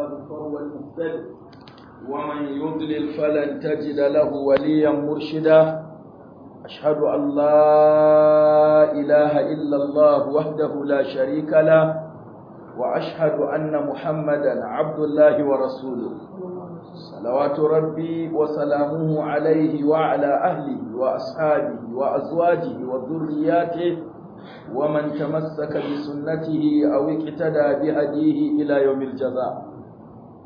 الله فهو المهتد ومن يضلل فلن تجد له وليا مرشدا أشهد أن لا إله إلا الله وحده لا شريك له وأشهد أن محمدا عبد الله ورسوله صلوات ربي وسلامه عليه وعلى أهله وأصحابه وأزواجه وذرياته ومن تمسك بسنته أو اقتدى بهديه إلى يوم الجزاء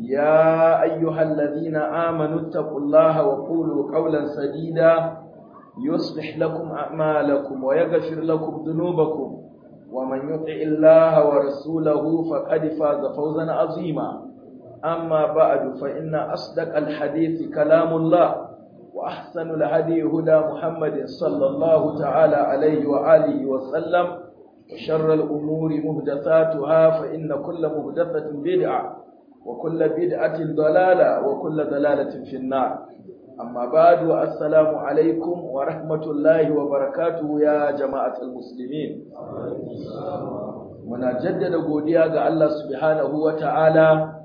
يا أيها الذين آمنوا اتقوا الله وقولوا قولا سديدا يصلح لكم أعمالكم ويغفر لكم ذنوبكم ومن يطع الله ورسوله فقد فاز فوزا عظيما أما بعد فإن أصدق الحديث كلام الله وأحسن الهدي هدى محمد صلى الله تعالى عليه وآله وسلم وشر الأمور مهدثاتها فإن كل مهدثة بدعة وكل بدعة ضلالة وكل ضلالة في النار أما بعد السلام عليكم ورحمة الله وبركاته يا جماعة المسلمين muna jaddada godiya ga Allah Huwa ta'ala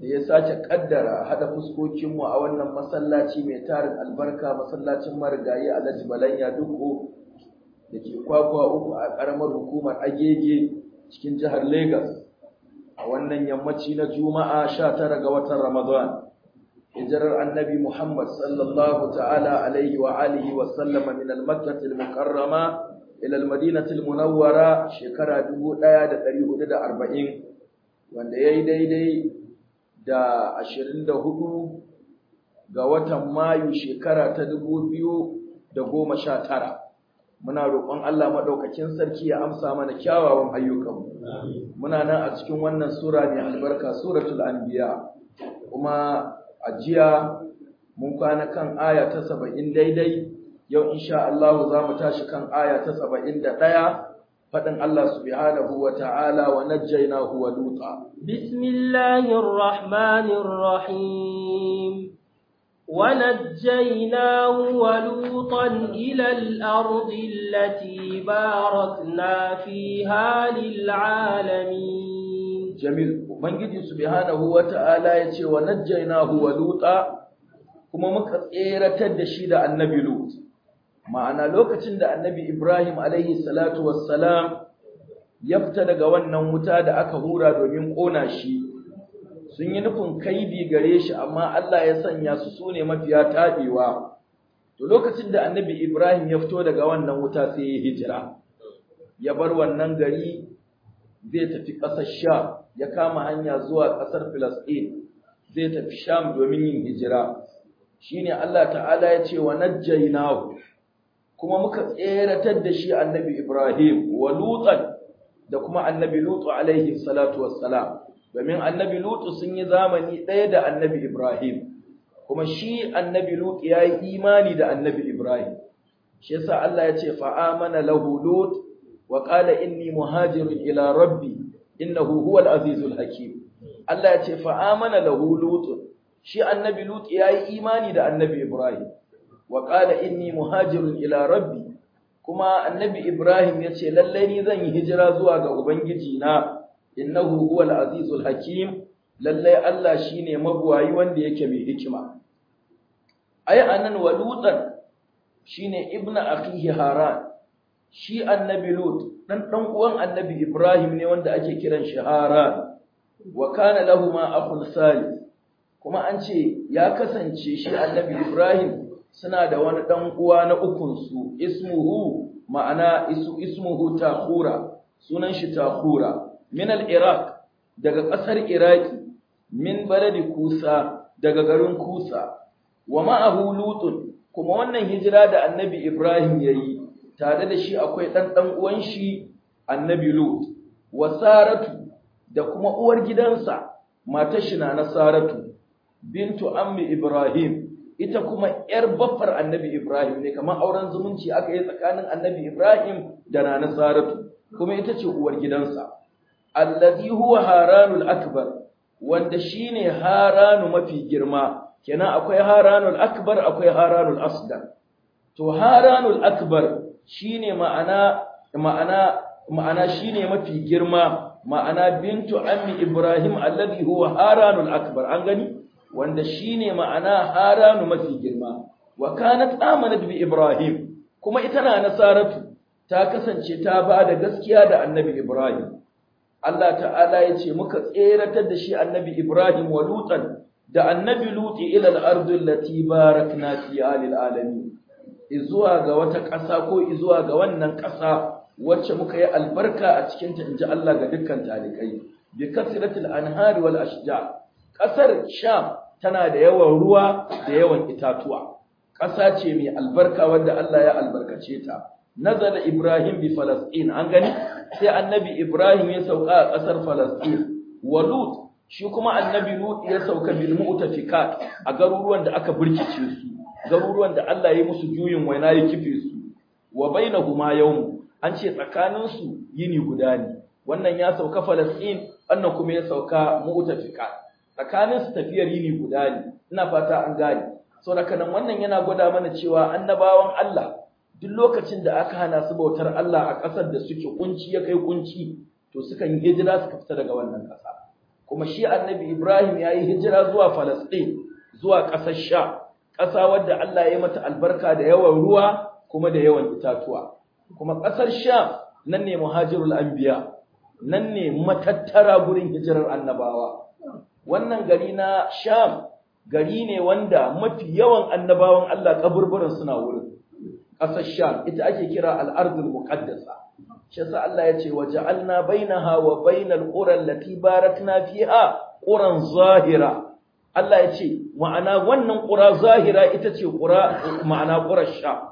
da ya sace kaddara hada fuskokinmu a wannan masallaci mai tarin albarka masallacin marigayi Alhaji Balanya Duko da ke kwakwa uku a ƙaramar hukumar Agege cikin jihar Lagos a wannan yammaci na juma'a sha tara ga watan ramadan hijirar annabi muhammad sallallahu ta'ala alaihi wa alihi wa sallama min al mukarrama ila al-madinah al-munawwara shekara 1440 wanda yayi daidai da 24 ga watan mayu shekara ta 2019 muna roƙon Allah maɗaukakin sarki ya amsa mana kyawawan ayyukanmu muna nan a cikin wannan sura mai albarka suratul anbiya kuma a jiya mun kwana kan aya ta saba'in daidai yau insha Allah za mu tashi kan aya ta saba'in da ɗaya faɗin Allah subhanahu wa ta'ala wa najjainahu wa luta bismillahir rahmanir rahim ونجيناه ولوطا إلى الأرض التي باركنا فيها للعالمين جميل ya ce وتعالى يتي ونجيناه ولوطا kuma muka tseratar da shi da annabi Lut ma'ana lokacin da annabi Ibrahim alaihi salatu wassalam ya fita daga wannan wuta da aka hura domin kona shi sun yi nufin kaidi gare shi amma Allah ya sanya su sune mafiya tabewa to lokacin da annabi Ibrahim ya fito daga wannan wuta sai ya hijira ya bar wannan gari zai tafi ƙasar sha, ya kama hanya zuwa ƙasar Filistin zai tafi Sham domin yin hijira shine Allah ta'ala ya ce wa najjaynahu kuma muka tseratar da shi annabi Ibrahim wa Lutan da kuma annabi Lutu alaihi salatu wassalam domin annabi lutu sun yi zamani ɗaya da annabi ibrahim kuma shi annabi lutu ya yi imani da annabi ibrahim shi yasa Allah ya ce fa'amana lahu lut wa qala inni muhajirun ila rabbi inna huhuwal azizul hakim Allah ya ce fa'amana lahu lut shi annabi lut ya yi imani da annabi ibrahim wa qala inni muhajirun ila rabbi kuma annabi ibrahim ya ce lallai ni zan yi hijira zuwa ga ubangiji na innahu huwal azizul hakim lallai Allah shine magwayi wanda yake mai hikima ai anan walutan shine ibnu akhihi haran shi annabi lut dan dan uwan annabi ibrahim ne wanda ake kiran shi haran wa kana lahumma akhul salih kuma an ce ya kasance shi annabi ibrahim suna da wani dan uwa na ukun su ismuhu ma'ana isu ismuhu takhura sunan shi takhura min al-iraq daga ƙasar iraki min baladi kusa daga garin kusa wa ma'ahu lutun kuma wannan hijira da annabi ibrahim yayi tare da shi akwai ɗanɗan dan uwan shi annabi lut wa saratu da kuma uwar gidansa matar shi na saratu bintu ammi ibrahim ita kuma ‘yar baffar annabi Ibrahim ne, kamar auren zumunci aka yi tsakanin annabi Ibrahim da Nana Saratu, kuma ita ce uwar gidansa. allazi huwa haranul akbar wanda shine haranu mafi girma kenan akwai haranul akbar akwai haranul asgar to haranul akbar shine ma'ana ma'ana ma'ana shine mafi girma ma'ana bintu ammi ibrahim allazi huwa haranul akbar an gani wanda shine ma'ana haranu mafi girma wa kanat amanat bi ibrahim kuma ita na nasaratu ta kasance ta ba da gaskiya da annabi ibrahim Allah ta'ala ya ce muka tseratar da shi annabi Ibrahim wa Lutan da annabi Luti ila al-ardi barakna fiha lil izuwa ga wata ƙasa ko izuwa ga wannan ƙasa wacce muka yi albarka a cikin in ji Allah ga dukkan talikai bi kasratil anhari wal ashja ƙasar Sham tana da yawan ruwa da yawan itatuwa ƙasa ce mai albarka wanda Allah ya albarkace ta nazala Ibrahim bi Falasɗin an gani sai annabi Ibrahim ya sauka a ƙasar Falasɗin wa Lut shi kuma annabi Lut ya sauka bil a garuruwan da aka burkice su garuruwan da Allah ya musu juyin waina ya kife su wa bainahuma yawm an ce tsakanin su yini guda ne wannan ya sauka Falasɗin wannan kuma ya sauka mu'tafikat tsakanin su tafiyar yini guda ne ina fata an gane saboda nan wannan yana gwada mana cewa annabawan Allah duk lokacin da aka hana su bautar Allah a ƙasar da suke kunci ya kai kunci to sukan yi hijira suka fita daga wannan ƙasa kuma shi annabi Ibrahim ya yi hijira zuwa Falasɗin zuwa ƙasar Sha ƙasa wadda Allah ya mata albarka da yawan ruwa kuma da yawan itatuwa kuma ƙasar Sha nan ne muhajirul anbiya nan ne matattara gurin hijirar annabawa wannan gari na Sham gari ne wanda mafi yawan annabawan Allah kaburburan suna wurin ƙasar Sham ita ake kira al'adar muƙaddasa. muqaddasa shi yasa Allah ya ce waja'alna bainaha wa bainal qura allati barakna fiha ƙuran zahira Allah ya ce ma'ana wannan ƙura zahira ita ce ƙura, ma'ana ƙurar sha.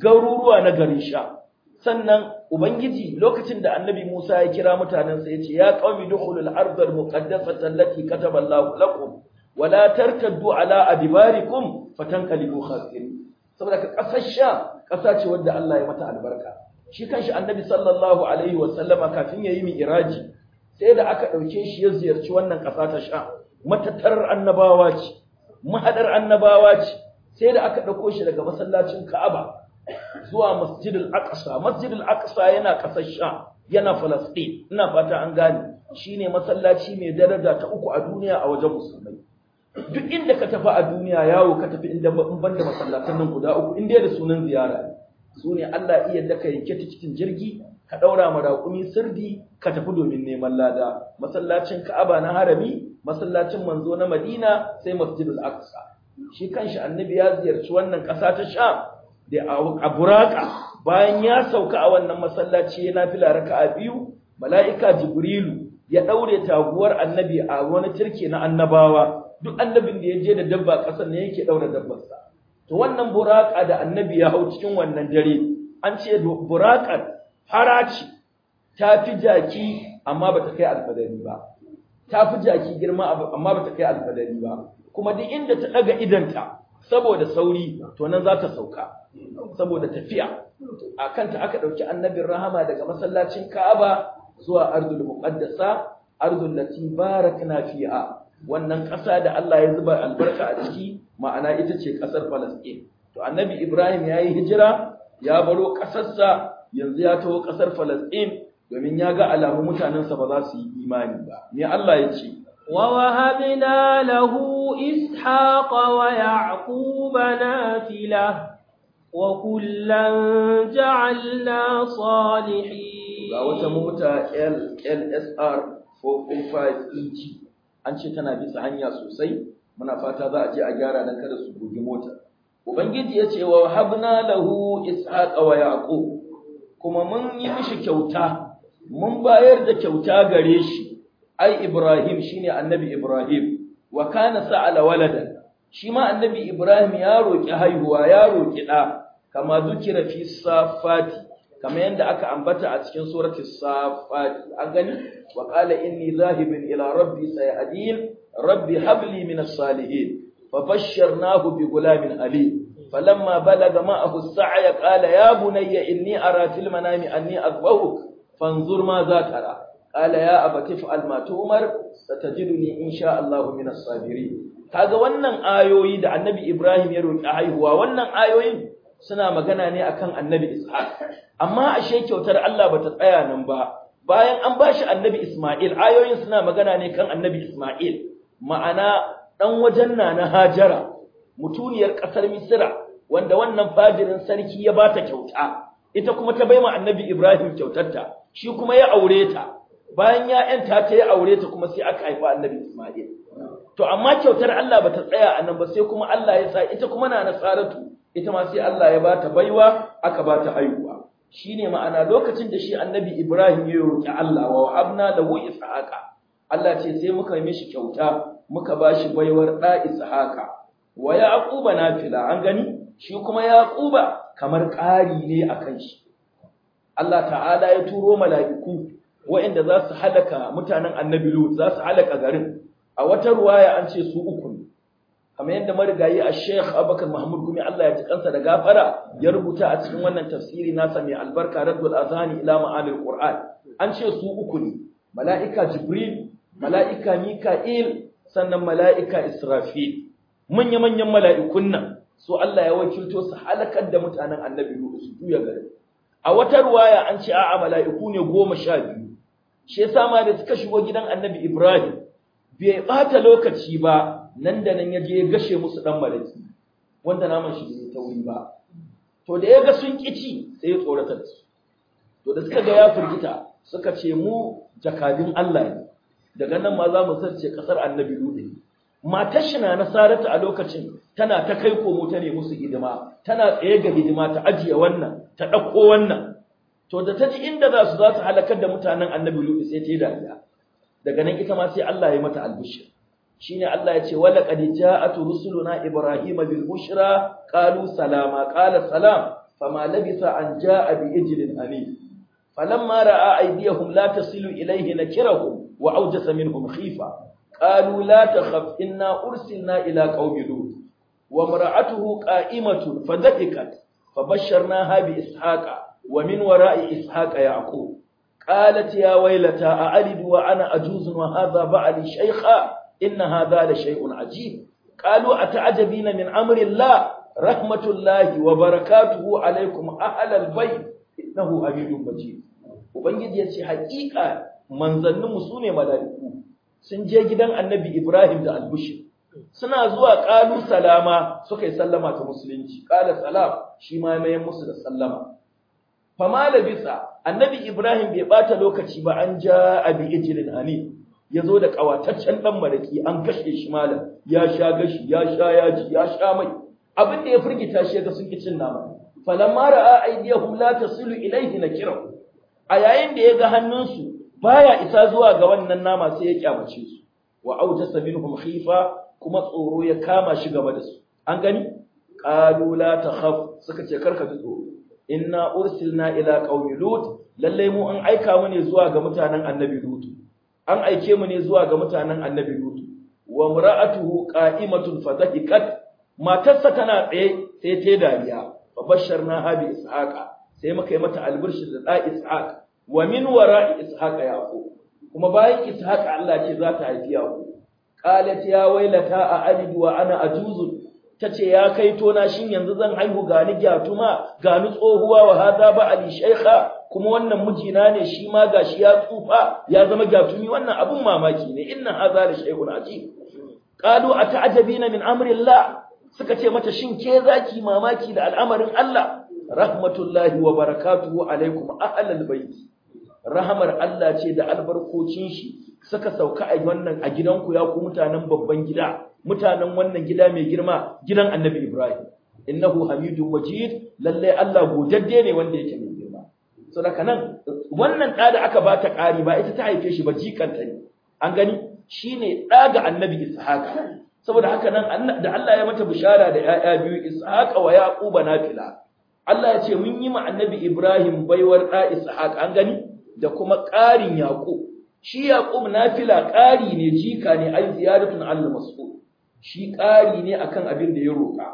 garuruwa na garin sha. sannan ubangiji lokacin da annabi Musa ya kira mutanensa ya ce ya qaumi dukhulul ardal muqaddasata allati kataba Allahu lakum wala tarkaddu ala adbarikum fatanqalibu khasirin saboda ka ƙasar sha ƙasa ce wadda Allah ya mata albarka shi kanshi annabi sallallahu alaihi wa sallama kafin ya yi iraji sai da aka ɗauke shi ya ziyarci wannan ƙasa ta sha matattarar annabawa ce mahadar annabawa ce sai da aka ɗauko shi daga masallacin Ka'aba zuwa Masjidil Aqsa. Masjidil Aqsa yana ƙasar yana Falasɗin. Ina fata an gane. Shine masallaci mai daraja ta uku a duniya a wajen musulmai. duk inda ka tafi a duniya yawo ka tafi inda ban da masallatan nan guda uku inda da sunan ziyara su ne Allah iya daka ka yanke ta cikin jirgi ka daura ma raƙumi sirdi ka tafi domin neman lada masallacin Ka'aba na harami masallacin manzo na Madina sai Masjidul Aqsa shi kanshi annabi ya ziyarci wannan ƙasa ta Sham da a Buraka bayan ya sauka a wannan masallaci yana fila raka'a biyu mala'ika Jibrilu ya daure taguwar annabi a wani turke na annabawa duk annabin da ya je da dabba ƙasar ne yake ɗaura dabbarsa to wannan buraka da annabi ya hau cikin wannan dare an ce burakar haraci ta fi jaki amma ba ta kai alfadari ba ta fi jaki girma amma ba ta kai alfadari ba kuma duk inda ta ɗaga idanta saboda sauri to nan za ta sauka saboda tafiya a kanta aka ɗauki annabin rahama daga masallacin ka'aba zuwa ardul muqaddasa ardul lati barakna fiha wannan ƙasa da Allah ya zuba albarka a ciki ma'ana ita ce ƙasar Falasɗin to annabi Ibrahim ya yi hijira ya baro ƙasarsa yanzu ya taho ƙasar Falasɗin domin ya ga alamu mutanensa ba za su yi imani ba me Allah ya ce ووهبنا له إسحاق ويعقوب نافلة وكلا جعلنا صالحين. ga wata mota LSR 445 EG an ce tana bisa hanya sosai muna fata za a je a gyara dan kada su bugi mota ubangiji ya ce wa habna lahu ishaqa wa yaqub kuma mun yi mishi kyauta mun bayar da kyauta gare shi ai ibrahim shine annabi ibrahim wa kana sa'ala waladan shi ma annabi ibrahim ya roki haihuwa ya roki da kama zukira fi safati kamar yadda aka ambata a cikin suratul safat an gani wa qala inni zahibun ila rabbi sayahdin rabbi habli min as-salihin fabashsharnahu bi gulamin ali falamma balaga ma'ahu as-sa'ya qala ya bunayya inni ara fil manami anni adbahuk fanzur ma za tara qala ya abati fa'al ma tu'mar satajiduni insha Allah min as-sabirin kaga wannan ayoyi da annabi Ibrahim ya roki haihuwa wannan ayoyin suna magana ne akan annabi Ishaq amma ashe kyautar Allah bata tsaya nan ba bayan an ba shi annabi Isma'il ayoyin suna magana ne kan annabi Isma'il ma'ana dan wajen na na Hajara mutuniyar kasar Misra wanda wannan fajirin sarki ya bata kyauta ita kuma ta baima annabi Ibrahim kyautarta shi kuma ya aure ta bayan ya yanta ta ya aure ta kuma sai aka haifa annabi Isma'il to amma kyautar Allah bata tsaya a nan ba sai kuma Allah ya sa ita kuma na Nasaratu ita ma sai Allah ya bata baiwa aka bata haihuwa shine ma'ana lokacin da shi annabi Ibrahim ya roki Allah wa abna wa ishaqa Allah ce sai muka yi mishi kyauta muka ba shi baiwar da ishaqa wa yaquba nafila an gani shi kuma yaquba kamar ƙari ne akan shi Allah ta'ala ya turo mala'iku waɗanda za su halaka mutanen annabi Lut za su halaka garin a wata ruwaya an ce su uku kamar yadda marigayi a Sheikh Abubakar Mahmud Gumi Allah ya ji kansa da gafara ya rubuta a cikin wannan tafsiri nasa mai albarka Raddul Azani ila ma'anil Qur'an an ce su uku ne mala'ika Jibril mala'ika Mika'il sannan mala'ika Israfil manya manyan mala'ikun nan so Allah ya wakilto su halakar da mutanen Annabi Nuhu su juya gari. a wata ruwaya an ce a'a mala'iku ne goma sha biyu shi yasa ma da suka shigo gidan Annabi Ibrahim bai bata lokaci ba nan da nan ya je ya gashe musu ɗan malaki wanda naman shi bai tauri ba to da ya ga sun ƙici sai ya tsorata su to da suka ga ya firgita suka ce mu jakadun Allah ne daga nan ma za mu sarce ƙasar annabi lude matar shi na nasarata a lokacin tana ta kai komo ta ne musu hidima tana tsaye ga hidima ta ajiye wannan ta ɗauko wannan to da ta ji inda za su za su halakar da mutanen annabi lude sai ta yi dariya daga nan ita ma sai Allah ya mata albushir shine Allah ya ce wala qad ja'at rusuluna ibrahima bil bushra qalu salama qala salam fama labisa an ja'a bi ijlin amin falamma ra'a aydiyahum la tasilu ilayhi nakirahum wa awjasa minhum khifa qalu la takhaf inna ursilna ila qaumi lut wa mar'atuhu qa'imatun fadhaqiqat fabashsharnaha bi ishaqa wa min wara'i ishaqa yaqub قالت يا ويلتى أعلد وأنا أجوز وهذا بعلي شيخا إن هذا لشيء عجيب قالوا أتعجبين من أمر الله رحمة الله وبركاته عليكم أهل البيت إنه حميد مجيد وبنجد يسي حقيقة منزلن مسوني ملائكو سنجي جدا النبي إبراهيم ده البشر suna zuwa ƙalu salama suka yi sallama ta musulunci ƙala salam shi ma mayan musu da sallama fama bisa, annabi Ibrahim bai bata lokaci ba an ja abi ijlin ani yazo da kawataccen ɗan maraki an kashe shi malam ya sha gashi ya sha yaji ya sha mai abin da ya firgita shi ga sun kicin nama falamma ra'a aydiyahum la tasilu ilayhi nakira a yayin da ya ga hannunsu baya isa zuwa ga wannan nama sai ya kyamace su wa aujasa minhum khifa kuma tsoro ya kama shi gaba da su an gani qalu la takhaf suka ce karka ji tsoro inna ursilna ila qaumi lut lalle mu an aika mu ne zuwa ga mutanen annabi lut an aike mu ne zuwa ga mutanen annabi lut wa mura'atuhu qa'imatun fadhahikat matarsa tana tsaye sai ta dariya fa basharna abi ishaqa sai muka yi mata albirshi da da ishaq wa min wara'i ishaq yaqub kuma bayan ishaq Allah ce za ta haifi yaqub qalat ya wailata a wa ana ajuzun ta ce ya kai tona shin yanzu zan haihu gani gyatuma gani tsohuwa wa hada ba ali shaikha kuma wannan mijina ne shi ma gashi ya tsufa ya zama gyatumi wannan abun mamaki ne inna hadha la shay'un ajib qalu ata'jabina min amri Allah suka ce mata shin ke zaki mamaki da al'amarin Allah rahmatullahi wa barakatuhu alaikum ahlal baiti rahamar Allah ce da albarkocin shi suka sauka a wannan a gidanku ya ku mutanen babban gida mutanen wannan gida mai girma gidan Annabi Ibrahim innahu Hamidu majid lalle Allah godadde ne wanda yake mai girma so daga nan wannan da aka bata ƙari ba ita ta haife shi ba jikanta ne an gani shine da ga Annabi Ishaq saboda haka nan da Allah ya mata bishara da 'ya'ya biyu Ishaq wa Yaquba nafila Allah ya ce mun yi ma Annabi Ibrahim baiwar da Ishaq an gani da kuma ƙarin yaƙo. shi yaqub nafila ƙari ne jika ne ai ziyaratun al mas'ud shi ƙari ne akan abin da ya roƙa.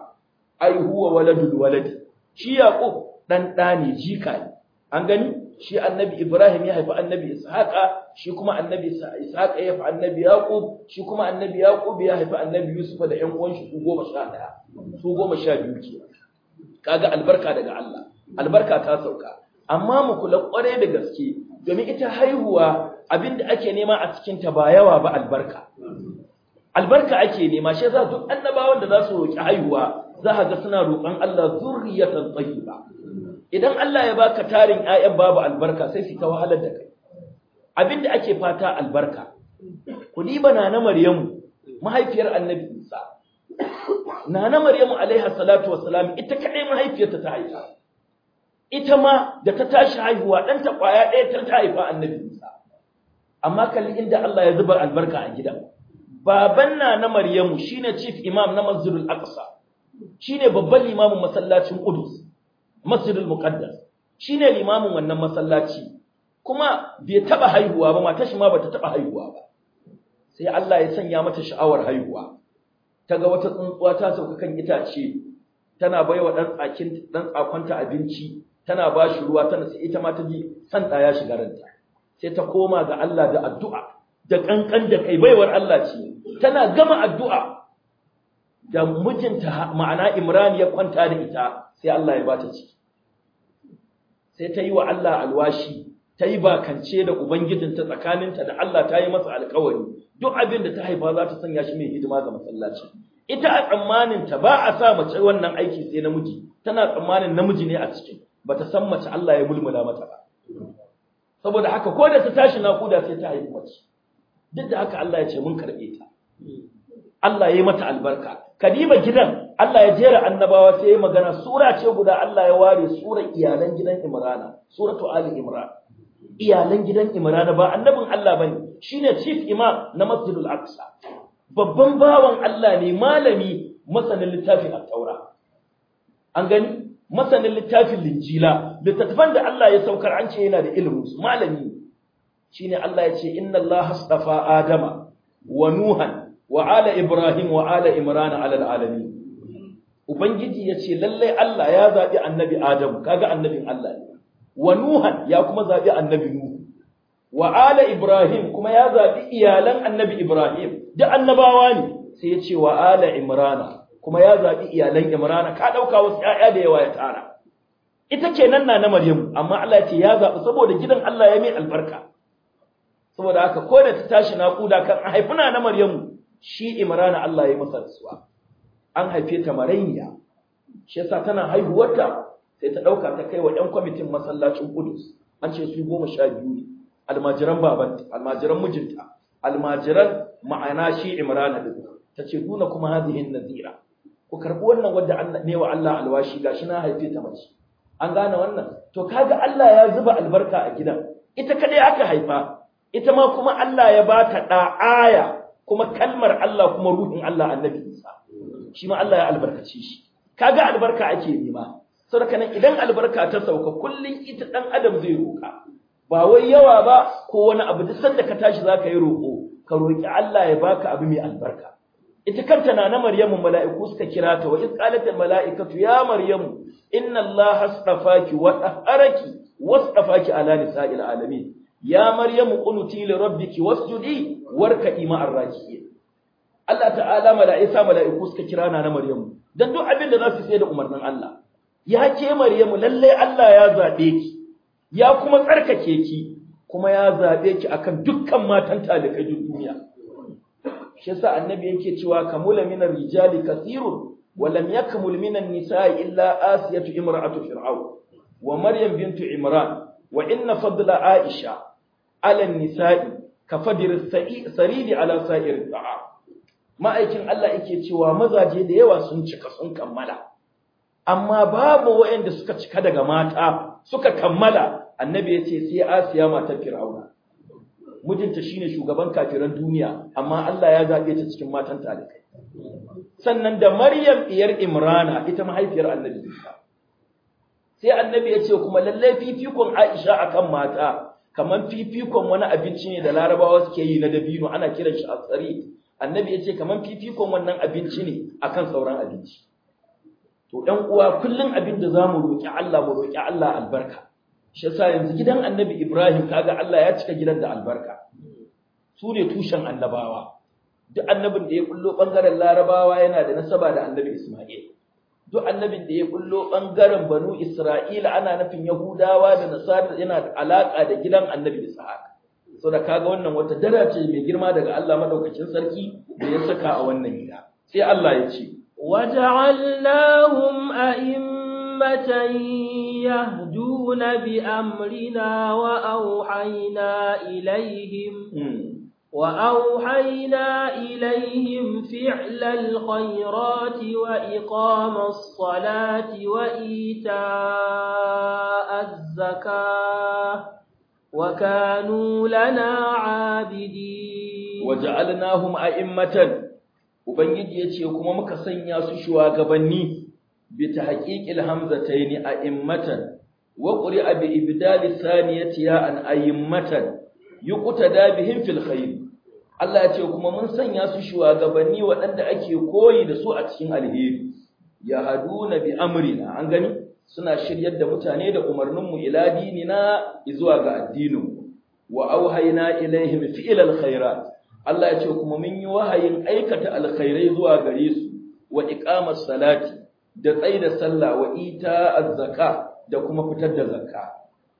ai huwa waladul waladi shi yaƙo. dan da ne jika ne an gani shi annabi ibrahim ya haifi annabi ishaqa shi kuma annabi ishaqa ya haifi annabi yaqub shi kuma annabi yaqub ya haifi annabi yusuf da ƴan uwan shi su 11 su 12 kenan kaga albarka daga Allah albarka ta sauka amma mu kula kware da gaske domin ita haihuwa abinda ake nema a cikin ta ba yawa ba albarka albarka ake nema shi yasa duk annabawan da za su roki haihuwa za ka ga suna roƙon Allah zurriyatan tayyiba idan Allah ya baka tarin ƴaƴan babu albarka sai su ta wahalar da kai abinda ake fata albarka ku diba nana Maryamu mahaifiyar Annabi Isa nana Maryamu alaiha salatu wassalam ita kadai mahaifiyarta ta haifa ita ma da ta tashi haihuwa ta ƙwaya ɗaya ta haifa annabi Isa amma kalli inda Allah ya zuba albarka a gidan baban na Maryamu shine chief imam na Masjidul Aqsa shine babban limamin masallacin Qudus Masjidul Muqaddas shine limamin wannan masallaci kuma bai taba haihuwa ba matar shi ma bata taba haihuwa ba sai Allah ya sanya mata sha'awar haihuwa taga wata tsuntsuwa ta sauka kan itace tana baiwa dan tsakin dan tsakonta abinci tana ba shi ruwa tana sai ita ma ta ji san ya shiga ranta sai ta koma ga Allah da addu'a da kankan da kai baiwar Allah ce tana gama addu'a da mijinta ma'ana Imran ya kwanta da ita sai Allah ya bata ciki sai ta yi wa Allah alwashi ta yi bakance da ubangijinta tsakaninta da Allah ta yi masa alkawari duk abin da ta haifa za ta sanya shi mai hidima ga masallaci ita a tsammanin ta ba a sa mace wannan aiki sai namiji tana tsammanin namiji ne a cikin bata san mace Allah ya bulmula mata ba saboda haka ko da ta tashi naƙuda sai ta haihu mace duk da haka Allah ya ce mun karɓe ta Allah ya yi mata albarka Kadima gidan Allah ya jera annabawa sai ya magana sura ce guda Allah ya ware sura iyalan gidan Imrana suratu ali imran iyalan gidan Imrana ba annabin Allah bane shine chief imam na Masjidul Aqsa babban bawan Allah ne malami masanin littafin at-Taura an gani masanin littafin linjila littattafan da Allah ya saukar an ce yana da ilimin su malami shine Allah ya ce inna Allah astafa adama wa nuhan wa ala ibrahim wa ala imran ala ubangiji ya ce lallai Allah ya zabi annabi adamu kaga annabin Allah ne wa nuhan ya kuma zabi annabi nuhu wa ala ibrahim kuma ya zabi iyalan annabi ibrahim da annabawa ne sai ya ce wa ala imrana kuma ya zaɓi iyalan imrana ka ɗauka wasu ‘ya'ya da yawa ya tara ita ce nan na na maryamu amma Allah ya ce ya zaɓi saboda gidan Allah ya mai albarka saboda haka ko da ta tashi naƙuda kan haifuna na maryamu shi imrana Allah ya yi masa rasuwa an haife ta marayya shi yasa tana haihuwarta sai ta ɗauka ta kai wa ‘yan kwamitin masallacin Kudus an ce su goma sha biyu ne almajiran babanta almajiran mijinta almajiran ma'ana shi imrana din ta ce kuma hadihin nazira ku karɓi wannan wadda ne wa Allah alwashi gashi na haife ta mace an gane wannan to kaga Allah ya zuba albarka a gidan ita kadai aka haifa ita ma kuma Allah ya ba da aya kuma kalmar Allah kuma ruhin Allah annabi Isa shi ma Allah ya albarkace shi kaga albarka ake nema saboda nan idan albarka ta sauka kullun ita dan adam zai roka ba wai yawa ba ko wani abu duk sanda ka tashi zaka yi roko ka roki Allah ya baka abu mai albarka ita kanta na na Maryamu mala'iku suka kira ta wa isqalatil mala'ikatu ya Maryamu inna Allah astafaki wa taharaki wastafaki ala nisa'il alamin ya Maryamu qunuti li rabbiki wasjudi warka'i ma'ar raki'in Allah ta'ala mala'isa mala'iku suka kira na na Maryamu dan duk abin da za su sai da umarnin Allah ya ke Maryamu lalle Allah ya zabe ki ya kuma tsarkake ki kuma ya zabe ki akan dukkan matan talikai duniya shi yasa annabi yake cewa kamula minar rijali kathirun wa lam yakmul minan nisa'i illa asiyatu imra'atu fir'aun wa maryam bintu imran wa inna fadla aisha ala nisa'i ka fadir saridi ala sa'ir da'a ma'aikin Allah yake cewa mazaje da yawa sun cika sun kammala amma babu waɗanda suka cika daga mata suka kammala annabi yace sai asiya matar fir'auna mijinta shine shugaban kafiran duniya amma Allah ya zaɓe ta cikin matan talikai sannan da Maryam iyar Imrana ita mahaifiyar Annabi Isa sai Annabi ya ce kuma lallai fifikon Aisha akan mata kaman fifikon wani abinci ne da Larabawa suke yi na dabino ana kiran shi atsari Annabi ya ce kamar fifikon wannan abinci ne akan sauran abinci to ɗan uwa kullum abin da zamu roƙi Allah mu roki Allah albarka shi yasa yanzu gidan annabi ibrahim kaga Allah ya cika gidan da albarka su ne tushen annabawa duk annabin da ya kullo bangaren larabawa yana da nasaba da annabi isma'il duk annabin da ya kullo bangaren banu isra'ila ana nufin yahudawa da nasara yana da alaka da gidan annabi ishaq so da kaga wannan wata daraja mai girma daga Allah madaukakin sarki da ya saka a wannan gida sai Allah ya ce waja'alnahum a'immatan يهدون بأمرنا وأوحينا إليهم وأوحينا إليهم فعل الخيرات وإقام الصلاة وإيتاء الزكاة وكانوا لنا عابدين وجعلناهم أئمة وبنجي يتي kuma muka sanya su shugabanni bi tahqiqil hamzatayn a'immatan wa quri'a bi ibdali thaniyati ya an a'immatan yuqtada bihim fil khair Allah ce kuma mun sanya su shugabanni waɗanda ake koyi da su a cikin alheri ya haduna bi an gani suna shiryar da mutane da umarninmu ila dinina zuwa ga addinin wa auhayna ilaihim fi'l alkhairat Allah ce kuma mun yi wahayin aikata alkhairai zuwa gare su wa iqamas salati da tsaida sallah wa ita az da kuma fitar da zakka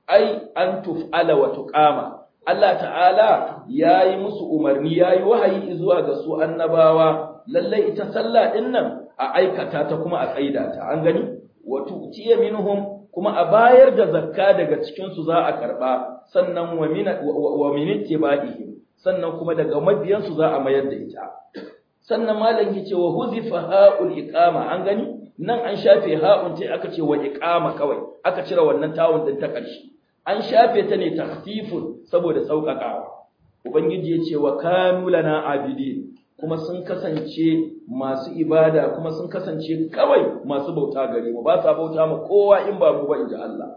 ai an tuf'ala wa tuqama Allah ta'ala yayi musu umarni yayi wahayi zuwa ga su annabawa lalle ita sallah din nan a aikata ta kuma a tsaida ta an gani wa tu'tiya minhum kuma a bayar da zakka daga cikin su za a karba sannan wa min wa min sannan kuma daga mabiyan su za a mayar da ita sannan malam yace wa huzifa ha'ul iqama an gani nan an shafe ha'un ce aka ce wa iqama kawai aka cire wannan tawun din ta ƙarshe an shafe ta ne takhfifun saboda sauƙaƙawa ubangiji ya ce wa kanu lana abidin kuma sun kasance masu ibada kuma sun kasance kawai masu bauta gare mu ba sa bauta ma kowa in ba mu ba ji Allah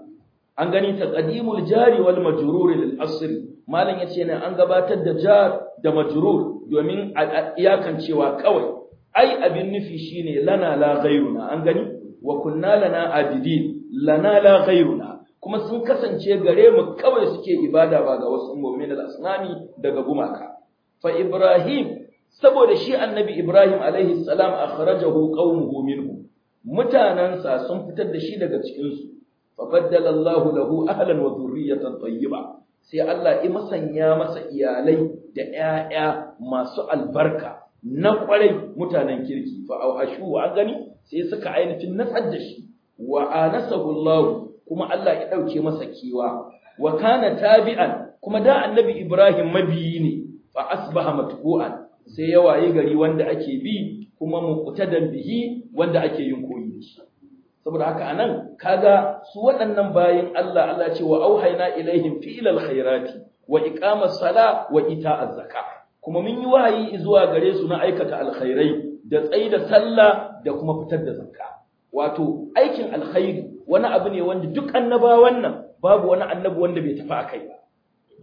an gani qadimul jari wal majrur lil asri malam yace ne an gabatar da jar da majrur domin iyakancewa kawai ai abin nufi shine lana la ghayruna an gani wa kunna lana abidin lana la ghayruna kuma sun kasance gare mu kawai suke ibada ba ga wasu mu'min da asnami daga gumaka fa ibrahim saboda shi annabi ibrahim alaihi salam akhrajahu qaumuhu minhu mutanansa sun fitar da shi daga cikin su fa dahu Allah lahu ahlan wa dhurriyatan tayyiba sai Allah i masanya masa iyalai da ƴaƴa masu albarka na kwarai mutanen kirki fa au ashu wa gani sai suka ainihin natsar da shi wa anasahu Allah kuma Allah ya dauke masa kiwa wa kana tabi'an kuma da annabi Ibrahim mabiyi ne fa asbaha matbu'an sai ya waye gari wanda ake bi kuma muqtadan bihi wanda ake yin koyi da shi saboda haka anan kaga su waɗannan bayin Allah Allah ce wa auhayna ilaihim fi'lal khairati wa iqamas sala wa ita'az zakat kuma mun yi wahayi zuwa gare su na aikata alkhairai da tsaida sallah da kuma fitar da zakka wato aikin alkhairi wani abu ne wanda duk annabawan nan babu wani annabi wanda bai tafi akai ba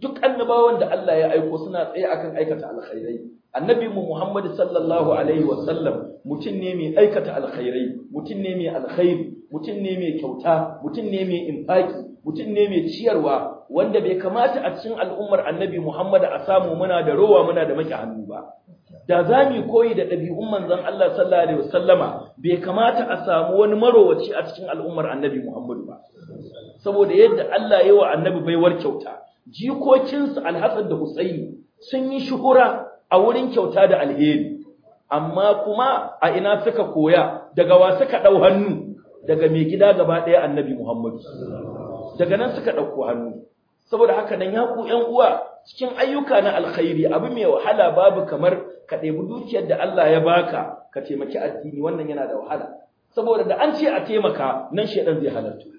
duk annabawan da Allah ya aiko suna tsaye akan aikata alkhairai annabi mu Muhammad sallallahu alaihi wa sallam mutum ne mai aikata alkhairai mutum ne mai alkhairi mutum ne mai kyauta mutum ne mai infaki mutum ne mai ciyarwa wanda bai kamata a cikin al'ummar annabi Muhammad a samu muna da rowa muna da maki hannu ba da za mu koyi da ɗabi'un manzan Allah sallallahu alaihi wasallama bai kamata a samu wani marowaci a cikin al'ummar annabi Muhammad ba saboda yadda Allah yayi wa annabi baiwar kyauta jikokinsa Alhassan da Husaini sun yi shuhura a wurin kyauta da alheri amma kuma a ina suka koya daga wa suka dau hannu daga mai gida gaba ɗaya annabi Muhammad daga nan suka ɗauko hannu saboda haka nan ya ku ƴan uwa cikin ayyuka na alkhairi abu mai wahala babu kamar ka ɗebi dukiyar da Allah ya baka ka taimaki addini wannan yana da wahala saboda da an ce a taimaka nan shedan zai halartu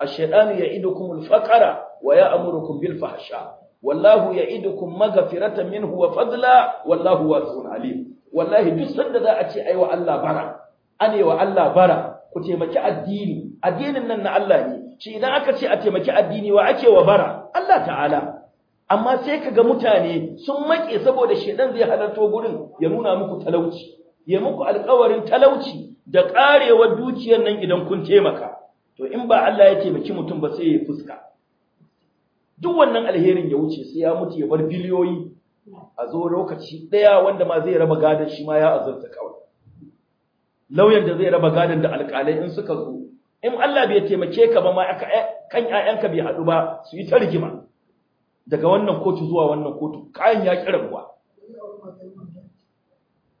ash-shaytanu ya'idukum al-faqra wa ya'murukum bil fahsha wallahu ya'idukum maghfiratan minhu wa fadla wallahu wasi'un alim wallahi duk sanda za a ce wa Allah bara anewa Allah bara ku taimaki addini addinin nan na Allah ne shi idan aka ce a taimaki addini wa ake wa bara Allah ta'ala amma sai kaga mutane sun make saboda shedan zai halarto gurin ya nuna muku talauci ya muku alƙawarin talauci da karewar dukiyar nan idan kun taimaka to in ba Allah ya taimaki mutum ba sai ya fuska duk wannan alherin ya wuce sai ya mutu ya bar biliyoyi a zo lokaci daya wanda ma zai raba gadon shi ma ya azurta kawai lauyan da zai raba gadon da alƙalai in suka zo in Allah bai taimake ka ba ma eh, kan ƴaƴanka bai haɗu ba su yi ta rigima daga wannan kotu zuwa wannan kotu kayan ya ƙi rabuwa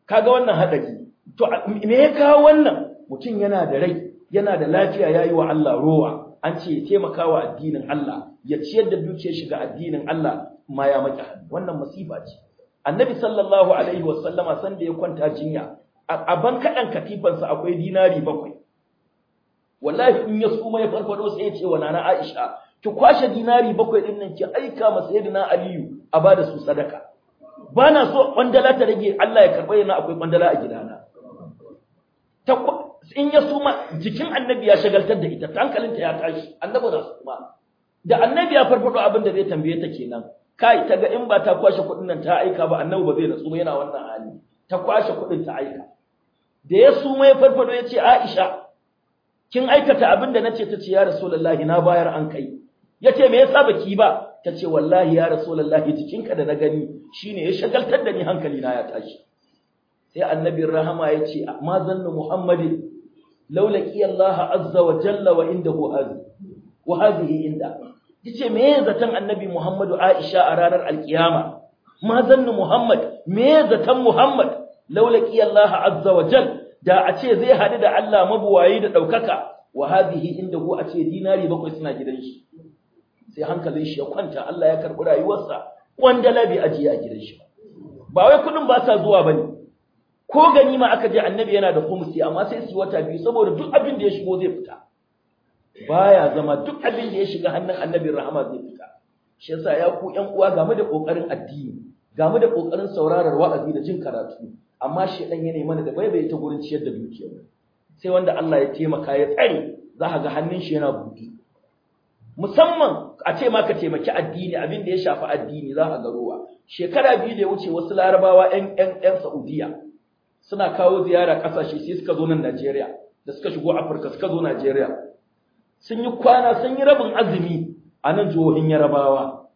kaga wannan haɗari to me ya kawo wannan mutum yana da rai yana da lafiya yayi wa Allah rowa an ce ya taimaka wa addinin Allah ya ciyar da dukiyar shiga addinin Allah ma ya maki wannan masifa ce annabi sallallahu alaihi wasallama san da ya kwanta jinya a ban kaɗan katifansa akwai dinari bakwai wallahi in ya suma ya farfado sai ya ce wa nana Aisha ki kwashe dinari bakwai din nan ki aika ma sayyidina Aliyu a bada su sadaka bana so kwandala ta rage Allah ya karbe yana akwai kwandala a gidana ta in ya suma jikin annabi ya shagaltar da ita tankalinta hankalinta ya tashi annabi da suma da annabi ya farfado abin da zai tambaye ta kenan kai ta ga in ba ta kwashe kuɗin nan ta aika ba annabi ba zai rasu yana wannan hali ta kwashe kuɗin ta aika da ya suma ya farfado ya ce Aisha kin aikata abin da nace tace ya rasulullahi na bayar an kai yace me yasa baki ba tace wallahi ya rasulullahi jikinka da na gani shine ya shagaltar da ni hankali na ya tashi sai annabi rahama yace ma zannu muhammadin laula qiyallaha azza wa jalla wa indahu hadhi wa hadhihi inda yace me zaton annabi muhammadu aisha a ranar alkiyama ma zannu muhammad me zaton muhammad laula qiyallaha azza wa jalla da a ce zai haɗu da Allah mabuwayi da ɗaukaka wa hadhihi ku a ce dinari bakwai suna gidan shi sai hankalin shi ya kwanta Allah ya karɓi rayuwarsa kwandala bai ajiye a gidan shi ba wai kuɗin ba sa zuwa bane ko gani ma aka je annabi yana da kumsi amma sai su wata biyu saboda duk abin da ya shigo zai fita baya zama duk abin da ya shiga hannun annabi rahama zai fita shi yasa ya ku ƴan uwa game da kokarin addini game da kokarin saurarar wa'azi da jin karatu amma shi ɗan yana mana da bai-bai ta gurin ciyar da dukiyar sai wanda Allah ya taimaka ya tsare za ka ga hannun shi yana buɗe musamman a ce maka taimaki addini abin da ya shafi addini za ka ga ruwa shekara biyu da ya wuce wasu larabawa yan yan yan Saudiya suna kawo ziyara kasashe sai suka zo nan Najeriya da suka shigo Afirka suka zo Najeriya sun yi kwana sun yi rabin azumi a nan jihohin Yarabawa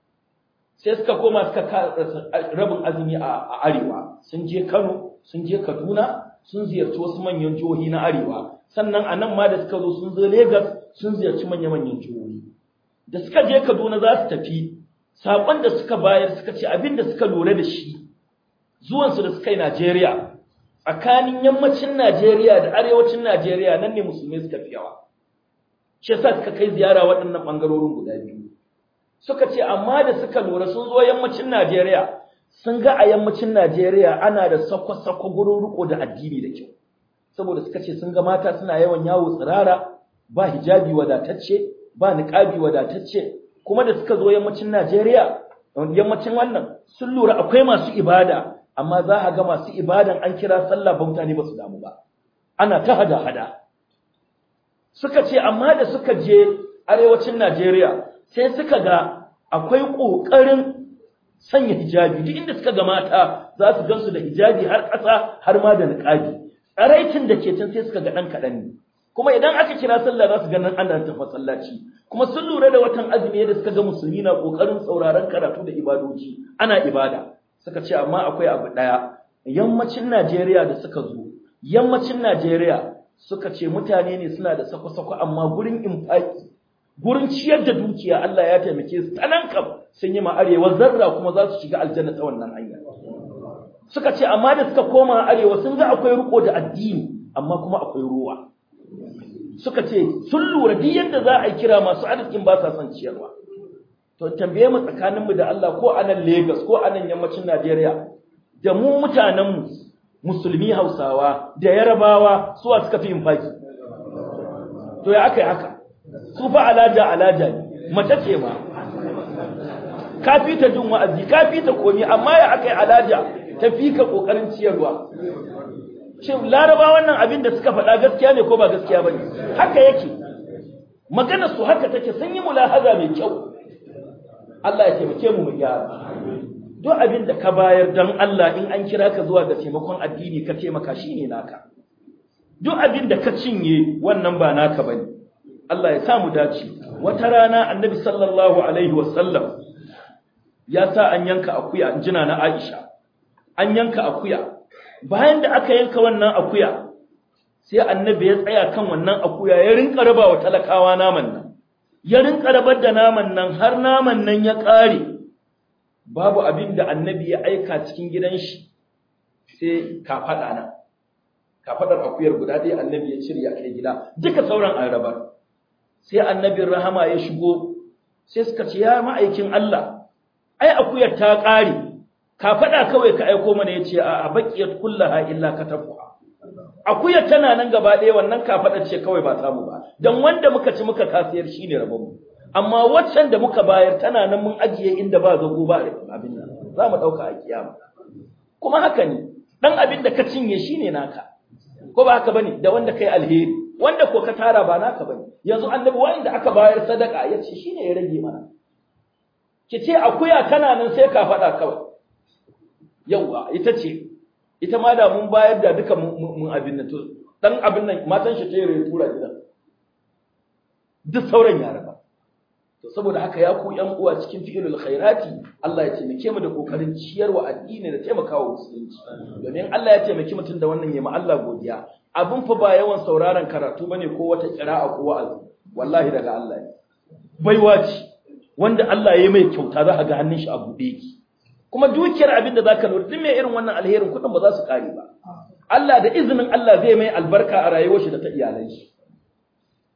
sai suka koma suka rabin azumi a arewa sun je Kano sun je Kaduna sun ziyarci wasu manyan jihohi na Arewa sannan a nan ma da suka zo sun zo Lagos sun ziyarci manya-manyan jihohi da suka je Kaduna za su tafi sakon da suka bayar suka ce abin da suka lura da shi zuwansu da suka yi Najeriya tsakanin yammacin Najeriya da arewacin Najeriya nan ne musulmai suka fi yawa shi yasa suka kai ziyara waɗannan ɓangarorin guda biyu suka ce amma da suka lura sun zo yammacin Najeriya sun ga a yammacin Najeriya ana da sako-sako gururuko da addini da kyau saboda suka ce sun ga mata suna yawan yawo tsirara ba hijabi wadatacce ba niƙabi wadatacce kuma da suka zo yammacin Najeriya yammacin wannan sun lura akwai masu ibada amma za a ga masu ibadan an kira sallah ba mutane ba su damu ba ana ta hada-hada suka ce amma da suka je arewacin Najeriya sai suka ga akwai ƙoƙarin sanya hijabi duk inda suka ga mata za su gansu da hijabi har ƙasa har ma da niqabi tsaraicin da ke can sai suka ga dan kaɗan ne kuma idan aka kira sallah za su ga nan ana ta masallaci kuma sun lura da watan azumi da suka ga musulmi na kokarin sauraron karatu da ibadoji ana ibada suka ce amma akwai abu daya yammacin Najeriya da suka zo yammacin Najeriya suka ce mutane ne suna da sako-sako amma gurin infaki gurin ciyar da dukiya Allah ya taimake su tanan kam sun yi ma arewa zarra kuma za su shiga aljanna ta wannan hanya suka ce amma da suka koma arewa sun ga akwai riko da addini amma kuma akwai ruwa suka ce sun lura duk yadda za a kira masu arzikin ba sa son ciyarwa to tambaye mu tsakanin mu da Allah ko a nan Lagos ko a nan yammacin Najeriya da mu mutanen mu musulmi Hausawa da Yarabawa suwa suka fi yin faki? to ya akai haka su fa alaja alaja ne mace ce ma ka fi jin wa'azi ka fi ta komi amma ya akai alaja ta fi ka kokarin ciyarwa shin laraba wannan abin da suka faɗa gaskiya ne ko ba gaskiya bane haka yake magana su haka take sun yi mulahaza mai kyau Allah ya taimake mu mu gyara duk abin da ka bayar dan Allah in an kira ka zuwa ga taimakon addini ka taimaka shi naka duk abin da ka cinye wannan ba naka bane Allah ya samu dace wata rana annabi sallallahu alaihi wasallam ya sa an yanka akuya jina na Aisha an yanka akuya bayan da aka yanka wannan akuya sai annabi ya tsaya kan wannan akuya ya rinka raba talakawa naman nan ya rinka rabar da naman nan har naman nan ya ƙare babu abin da annabi ya aika cikin gidan shi sai kafaɗa na kafaɗar akuyar guda ɗaya annabi ya cire ya kai gida duka sauran an rabar sai annabin rahama ya shigo sai suka ce ya ma'aikin Allah ai akuyar ta ƙare ka faɗa kawai ka aiko mana yace a baqiyat kullaha illa katafuha akuyar tana nan gaba ɗaya wannan ka fada ce kawai ba samu ba dan wanda muka ci muka kasiyar shine mu. amma waccan da muka bayar tana nan mun ajiye inda ba zago ba abin nan za mu ɗauka a kiyama kuma haka ne Dan abin da ka cinye shine naka ko ba haka bane da wanda kai alheri wanda ko ka tara ba naka bane yanzu annabi wanda aka bayar sadaka ya shine ya rage mana ki ce akuya kana nan sai ka faɗa kawai yawa ita ce ita ma da mun bayar da duka mun abin nan to dan abin nan matan shi ta yi tura gidan. duk sauran yara to saboda haka ya ku yan uwa cikin fi'ilul khairati Allah ya taimake mu da kokarin ciyarwa addini da taimakawa musulunci domin Allah ya taimake mutum da wannan yema Allah godiya abin fa ba yawan sauraron karatu bane ko wata qira'a ko wa'azi wallahi daga Allah ne baiwa ce wanda Allah ya mai kyauta za a ga hannun shi a buɗe ki kuma dukiyar abin da zaka lura duk mai irin wannan alherin kuɗin ba za su kare ba Allah da izinin Allah zai mai albarka a rayuwar shi da ta iyalan shi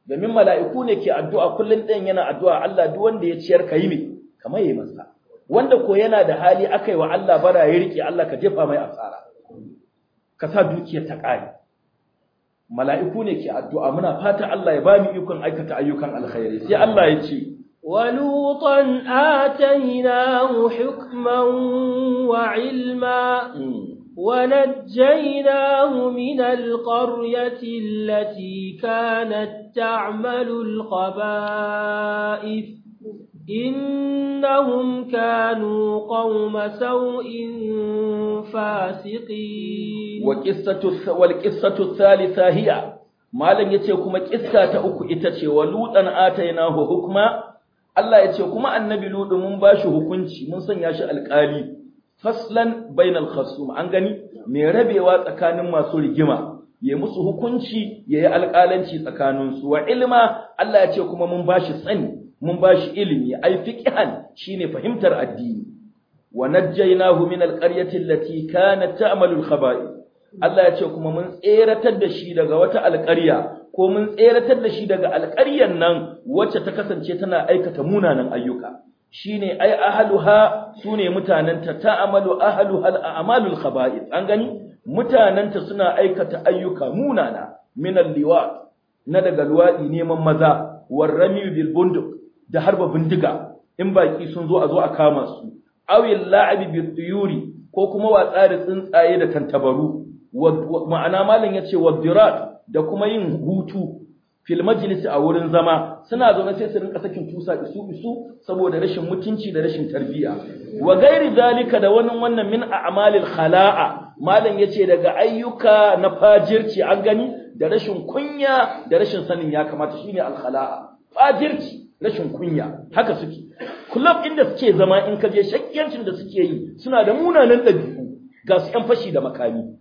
domin mala'iku ne ke addu'a kullum ɗayan yana addu'a Allah duk wanda ya ciyar ka yi mai kamar yi masa wanda ko yana da hali aka yi wa Allah bara ya riƙe Allah ka jefa mai asara ka sa dukiyar ta ƙari mala'iku ne ke addu'a muna fata Allah ya ba mu ikon aikata ayyukan alkhairi sai Allah ya ce ولوطا آتيناه حكما وعلما ونجيناه من القرية التي كانت تعمل القبائف إنهم كانوا قوم سوء فاسقين وقصة والقصة الثالثة هي ما لم يتيكم قصة أكو إتتي ولوطا آتيناه حكما الله يتيكم ان نبي لوط Ludu mun bashi hukunci mun sanya faslan bainal khasum an gani mai rabewa tsakanin masu rigima ya musu hukunci ya yi alƙalanci tsakaninsu wa ilma Allah ya ce kuma mun bashi tsani mun bashi ilimi ai fiqhan shine fahimtar addini wa najjaynahu min alqaryati allati kanat ta'malu alkhaba'i Allah ya ce kuma mun tseratar da shi daga wata alƙarya ko mun tseratar da shi daga alƙaryar nan wacce ta kasance tana aikata munanan ayyuka shine ai ahluha sune mutananta ta'amalu ahlu al-a'malul khaba'is an gani mutananta suna aikata ayyuka munana min al na daga luwadi neman maza warrami bil bunduk da harba bindiga in baki sun zo a zo a kama su awil la'abi bil tuyuri ko kuma watsa da tsuntsaye da tantabaru ma'ana malam yace wadirat da kuma yin hutu fil majlisi a wurin zama suna zaune sai su rinka sakin tusa isu isu saboda rashin mutunci da rashin tarbiyya. wa gairi zalika da wannan wannan min a'malil khala'a malam yace daga ayyuka na fajirci an gani da rashin kunya da rashin sanin ya kamata shine al khala'a fajirci rashin kunya haka suke club inda suke zama in kaje shakkiyancin da suke yi suna da munanan dabi'u ga su yan fashi da makami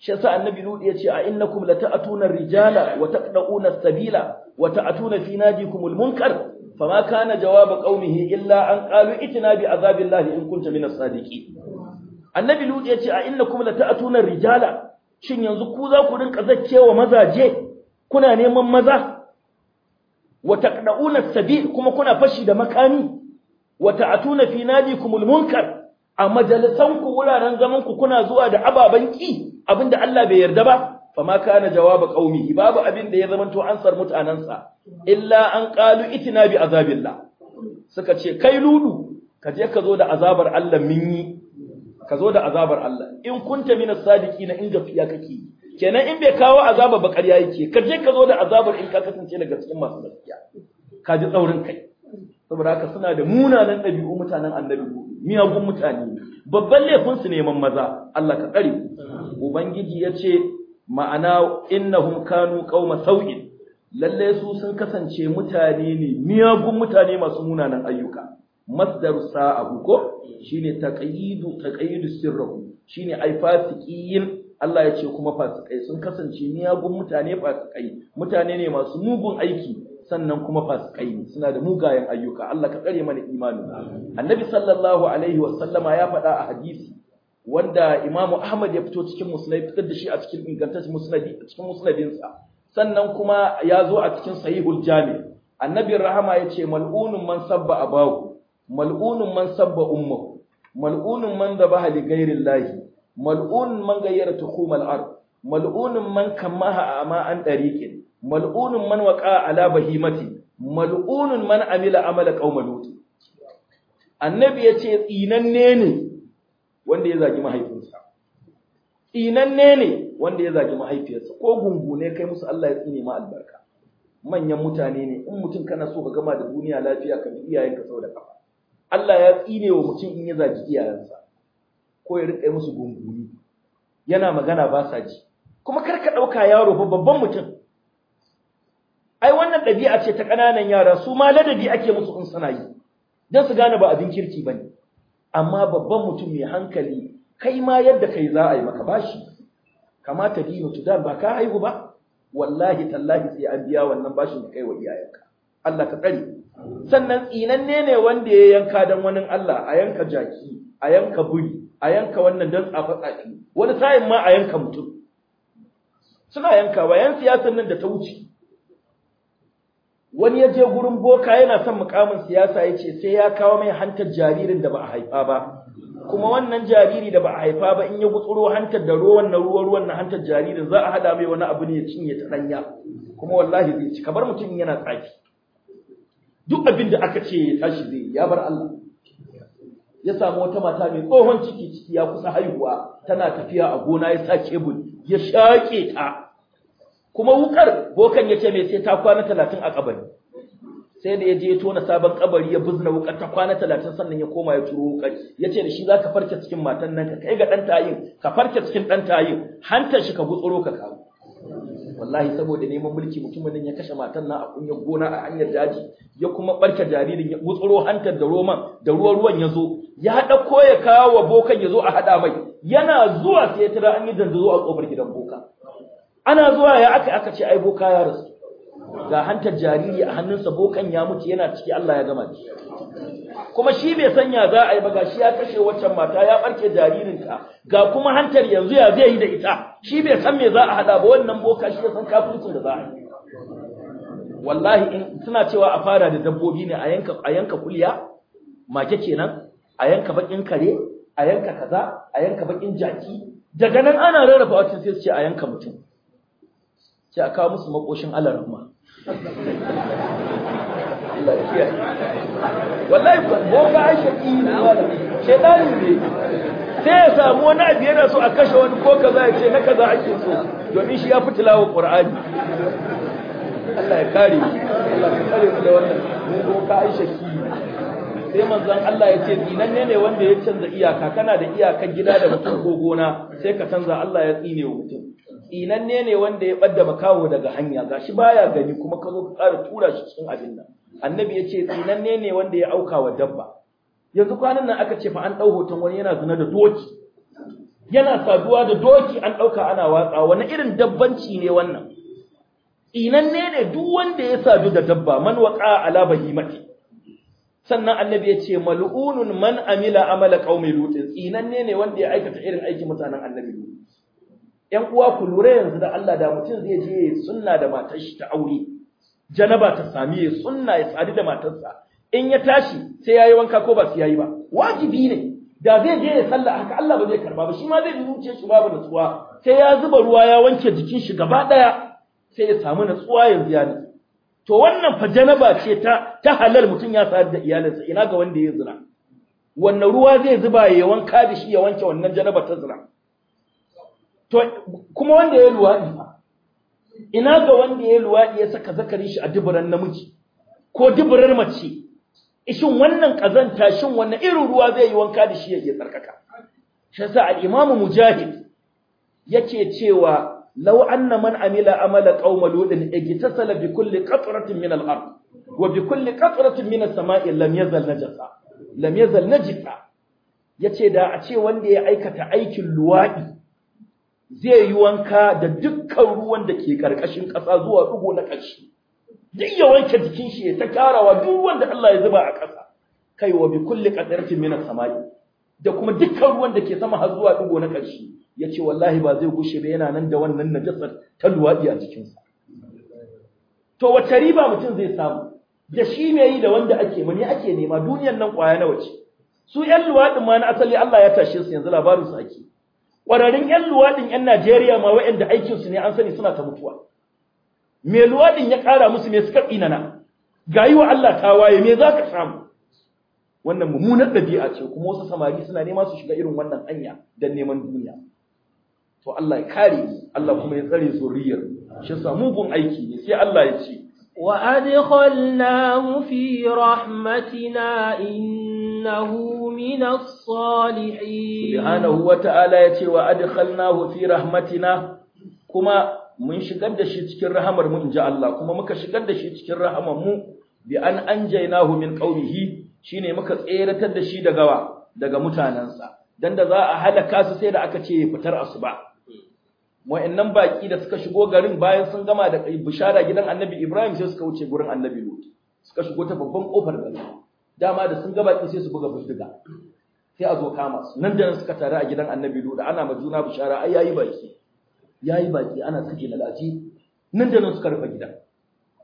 shi yasa annabi lut ya ce a innakum lata'atuna rijala wa taqda'una sabila wa ta'atuna fi nadikum almunkar fama kana jawab qaumihi illa an qalu itina bi azabillahi in kunta minas sadiqin annabi lut ya ce a innakum lata'atuna rijala shin yanzu ku za ku rinka zaccewa mazaje kuna neman maza wa taqda'una sabil kuma kuna fashi da makami wa ta'atuna fi nadikum almunkar a majalisanku wuraren zamanku kuna zuwa da ababen ki abinda Allah bai yarda ba fama kana jawaba qaumihi babu abin da ya zamanto ansar mutanansa illa an qalu itina bi azabillah suka ce kai ludu ka je ka zo da azabar Allah min yi ka zo da azabar Allah in kunta min as-sadiqina in gafiya kake kenan in bai kawo azaba ba ƙarya yake ka je ka zo da azabar in ka kasance daga cikin masu gaskiya ka ji tsaurin kai saboda haka suna da munanan ɗabi'u mutanen annabi miyagun mutane babban laifin neman maza Allah ka tsare ubangiji ya ce ma'ana innahum kanu qauma sau'in lalle su sun kasance mutane ne miyagun mutane masu munanan ayyuka masdar sa'a ko shine taqayidu taqayidu sirruhu shine ai fasikiyin Allah ya ce kuma fasikai sun kasance miyagun mutane fasikai mutane ne masu mugun aiki sannan kuma fasikai ne suna da mugayen ayyuka Allah ka kare mana imani annabi sallallahu alaihi wasallama ya faɗa a hadisi wanda imamu ahmad ya fito cikin musnad fitar da shi a cikin ingantaccen musnadi cikin musnadinsa sannan kuma ya zo a cikin sahihul jami annabi rahama ya ce mal'unun man sabba abahu mal'unun man sabba ummuhu mal'unun man dhabaha li ghairillahi mal'unun man ghayyara tuhumal ard mal'unun man kamaha ama an dariqin mal'unun man waqa ala bahimati mal'unun man amila amala qauma lut annabi yace tsinanne ne wanda ya zagi mahaifinsa tsinanne ne wanda ya zagi mahaifiyarsa ko gungune kai musu Allah ya tsine ma albarka manyan mutane ne in mutum kana so ka gama da duniya lafiya ka bi iyayenka sau da kafa Allah ya tsine wa mutum in ya zagi iyayensa ko ya rika musu gunguni yana magana ba sa ji kuma kar ka dauka yaro babban mutum ai wannan ɗabi'a ce ta ƙananan yara su ma ladabi ake musu in suna yi dan su gane ba abin kirki ba ne amma babban mutum mai hankali kai ma yadda kai za a yi maka bashi kamata to dan ba ka haihu ba wallahi tallahi sai an biya wannan bashin da kai wa iyayenka Allah ka tsare sannan tsinan ne wanda ya yanka dan wani Allah a yanka jaki a yanka buri a yanka wannan dan tsafa tsafi wani sa'in ma a yanka mutum suna yankawa yan siyasar nan da ta wuce wani ya je gurin boka yana son mukamin siyasa ya ce sai ya kawo mai hantar jaririn da ba a haifa ba kuma wannan jariri da ba a haifa ba in ya gutsuro hantar da ruwan na ruwa ruwan na hantar jaririn za a hada mai wani abu ne ya cinye ta danya kuma wallahi zai ci kabar mutum yana tsaki duk abin da aka ce ya tashi zai ya bar Allah ya samu wata mata mai tsohon ciki ciki ya kusa haihuwa tana tafiya a gona ya sa kebul ya shake ta kuma wukar bokan yace me sai ta kwana 30 a kabari sai da ya je tona sabon kabari ya buzna wukar ta kwana 30 sannan ya koma ya turo wukar yace da shi zaka farke cikin matan nan ka kai ga dan tayin ka farke cikin dan tayin hantar shi ka gutsuro ka kawo wallahi saboda neman mulki mutumin nan ya kashe matan nan a kunyar gona a hanyar daji ya kuma barka jaririn ya gutsuro hantar da roman da ruwan ruwan ya zo ya dauko ya kawo bokan ya zo a hada mai yana zuwa sai ya tara an yi dandazo a kofar gidan boka ana zuwa ya aka aka ce ai boka ya rasu ga hantar jariri a hannunsa bokan ya mutu yana ciki Allah ya gama shi kuma shi bai sanya za a yi ba gashi ya kashe waccan mata ya barke jaririnka ga kuma hantar yanzu ya zai yi da ita shi bai san me za a hada ba wannan boka shi ya san kafircin da za a yi wallahi in suna cewa a fara da dabbobi ne a yanka a yanka kuliya make kenan a yanka bakin kare a yanka kaza a yanka bakin jaki daga nan ana rarraba wacce sai su ce a yanka mutum sai a kawo musu makoshin alarma wallahi boka ai shaki ne shedani ne sai ya samu wani abu yana so a kashe wani ko za ya ce na kaza ake so domin shi ya fi tilawa qur'ani Allah ya kare Allah ya kare mu da wannan boka ai shaki sai manzon Allah ya ce dinan ne wanda ya canza iyaka kana da iyakar gida da mutum ko gona sai ka canza Allah ya tsine wa mutum tsinanne ne wanda ya ɓadda makawo daga hanya gashi baya gani kuma ka zo ka ƙara tura shi cikin abin nan annabi ya ce tsinanne ne wanda ya auka wa dabba yanzu kwanan nan aka ce fa an ɗau hoton wani yana zina da doki yana saduwa da doki an ɗauka ana watsa wani irin dabbanci ne wannan tsinanne ne duk wanda ya sadu da dabba man waqa ala bahimati sannan annabi ya ce mal'unun man amila amala qaumi lutin tsinanne ne wanda ya aikata irin aikin mutanen annabi ‘yan uwa ku lura yanzu da Allah da mutum zai je ya sunna da matar shi ta aure, janaba ta sami ya sunna ya sadu da matarsa, in ya tashi sai ya yi wanka ko ba su yayi ba, wajibi ne, da zai je ya sallah haka Allah ba zai karba ba, shi ma zai zuciya shi babu natsuwa, sai ya zuba ruwa ya wanke jikin shi gaba ɗaya, sai ya samu natsuwa yanzu ya natsu. To wannan fa janaba ce ta ta halal mutum ya sadu da iyalinsa ina ga wanda ya zira? Wannan ruwa zai zuba ya wanka da shi ya wanke wannan janaba ta zira? to kuma wanda ya luwaɗi fa ina ga wanda ya luwaɗi ya saka zakarin shi a duburan namiji ko duburar mace ishin wannan kazanta shin wannan irin ruwa zai yi wanka da shi ya tsarkaka shi yasa al-imamu mujahid yake cewa law anna man amila amala qauma ludin igtasala bi kulli qatratin min al-ard wa bi kulli qatratin min as-sama'i lam yazal najasa lam yazal najisa yace da a ce wanda ya aikata aikin luwaɗi zai yi wanka da dukkan ruwan da ke karkashin ƙasa zuwa ɗigo na ƙarshe duk ya wanke jikin shi ya ta karawa duk wanda Allah ya zuba a ƙasa kai wa bi kulli qadratin min as-sama'i da kuma dukkan ruwan da ke sama har zuwa ɗigo na ƙarshe yace wallahi ba zai gushe ba yana nan da wannan najasar ta luwadi a sa to wace riba mutum zai samu da shi me yi da wanda ake mani ake nema duniyar nan kwaya nawa ce su ƴan luwaɗin ma na asali Allah ya tashe su yanzu labarin su ake ƙwararrun 'yan luwaɗin 'yan Najeriya ma waɗanda aikinsu ne an sani suna ta mutuwa. Me luwaɗin ya ƙara musu me suka tsinana, ga yi wa Allah tawaye me za ka samu. Wannan mummunar ɗabi'a ce kuma wasu samari suna nema su shiga irin wannan hanya don neman duniya. To Allah ya kare mu, Allah kuma ya tsare zuriyar, shi samu mugun aiki ne sai Allah ya ce. Wa adkhalnahu fi rahmatina innahu من الصالحين ya cewa يتي وأدخلناه في رحمتنا كما mun shigar da shi cikin rahamar mu inji Allah kuma muka shigar da shi cikin rahamar mu bi an anjaynahu min qawlihi shine muka tseratar da shi daga wa daga mutanansa dan da za a halaka su sai da aka ce fitar asuba wayannan baƙi da suka shigo garin bayan sun gama da kai, bishara gidan Annabi Ibrahim sai suka wuce gurin Annabi Lut suka shigo ta babban kofar garin dama da sun gaba sai su buga bindiga sai a zo kama su nan da suka tare a gidan annabi da ana ma juna bishara ai yayi baki yayi baki ana sake lalaci nan da nan suka rufe gidan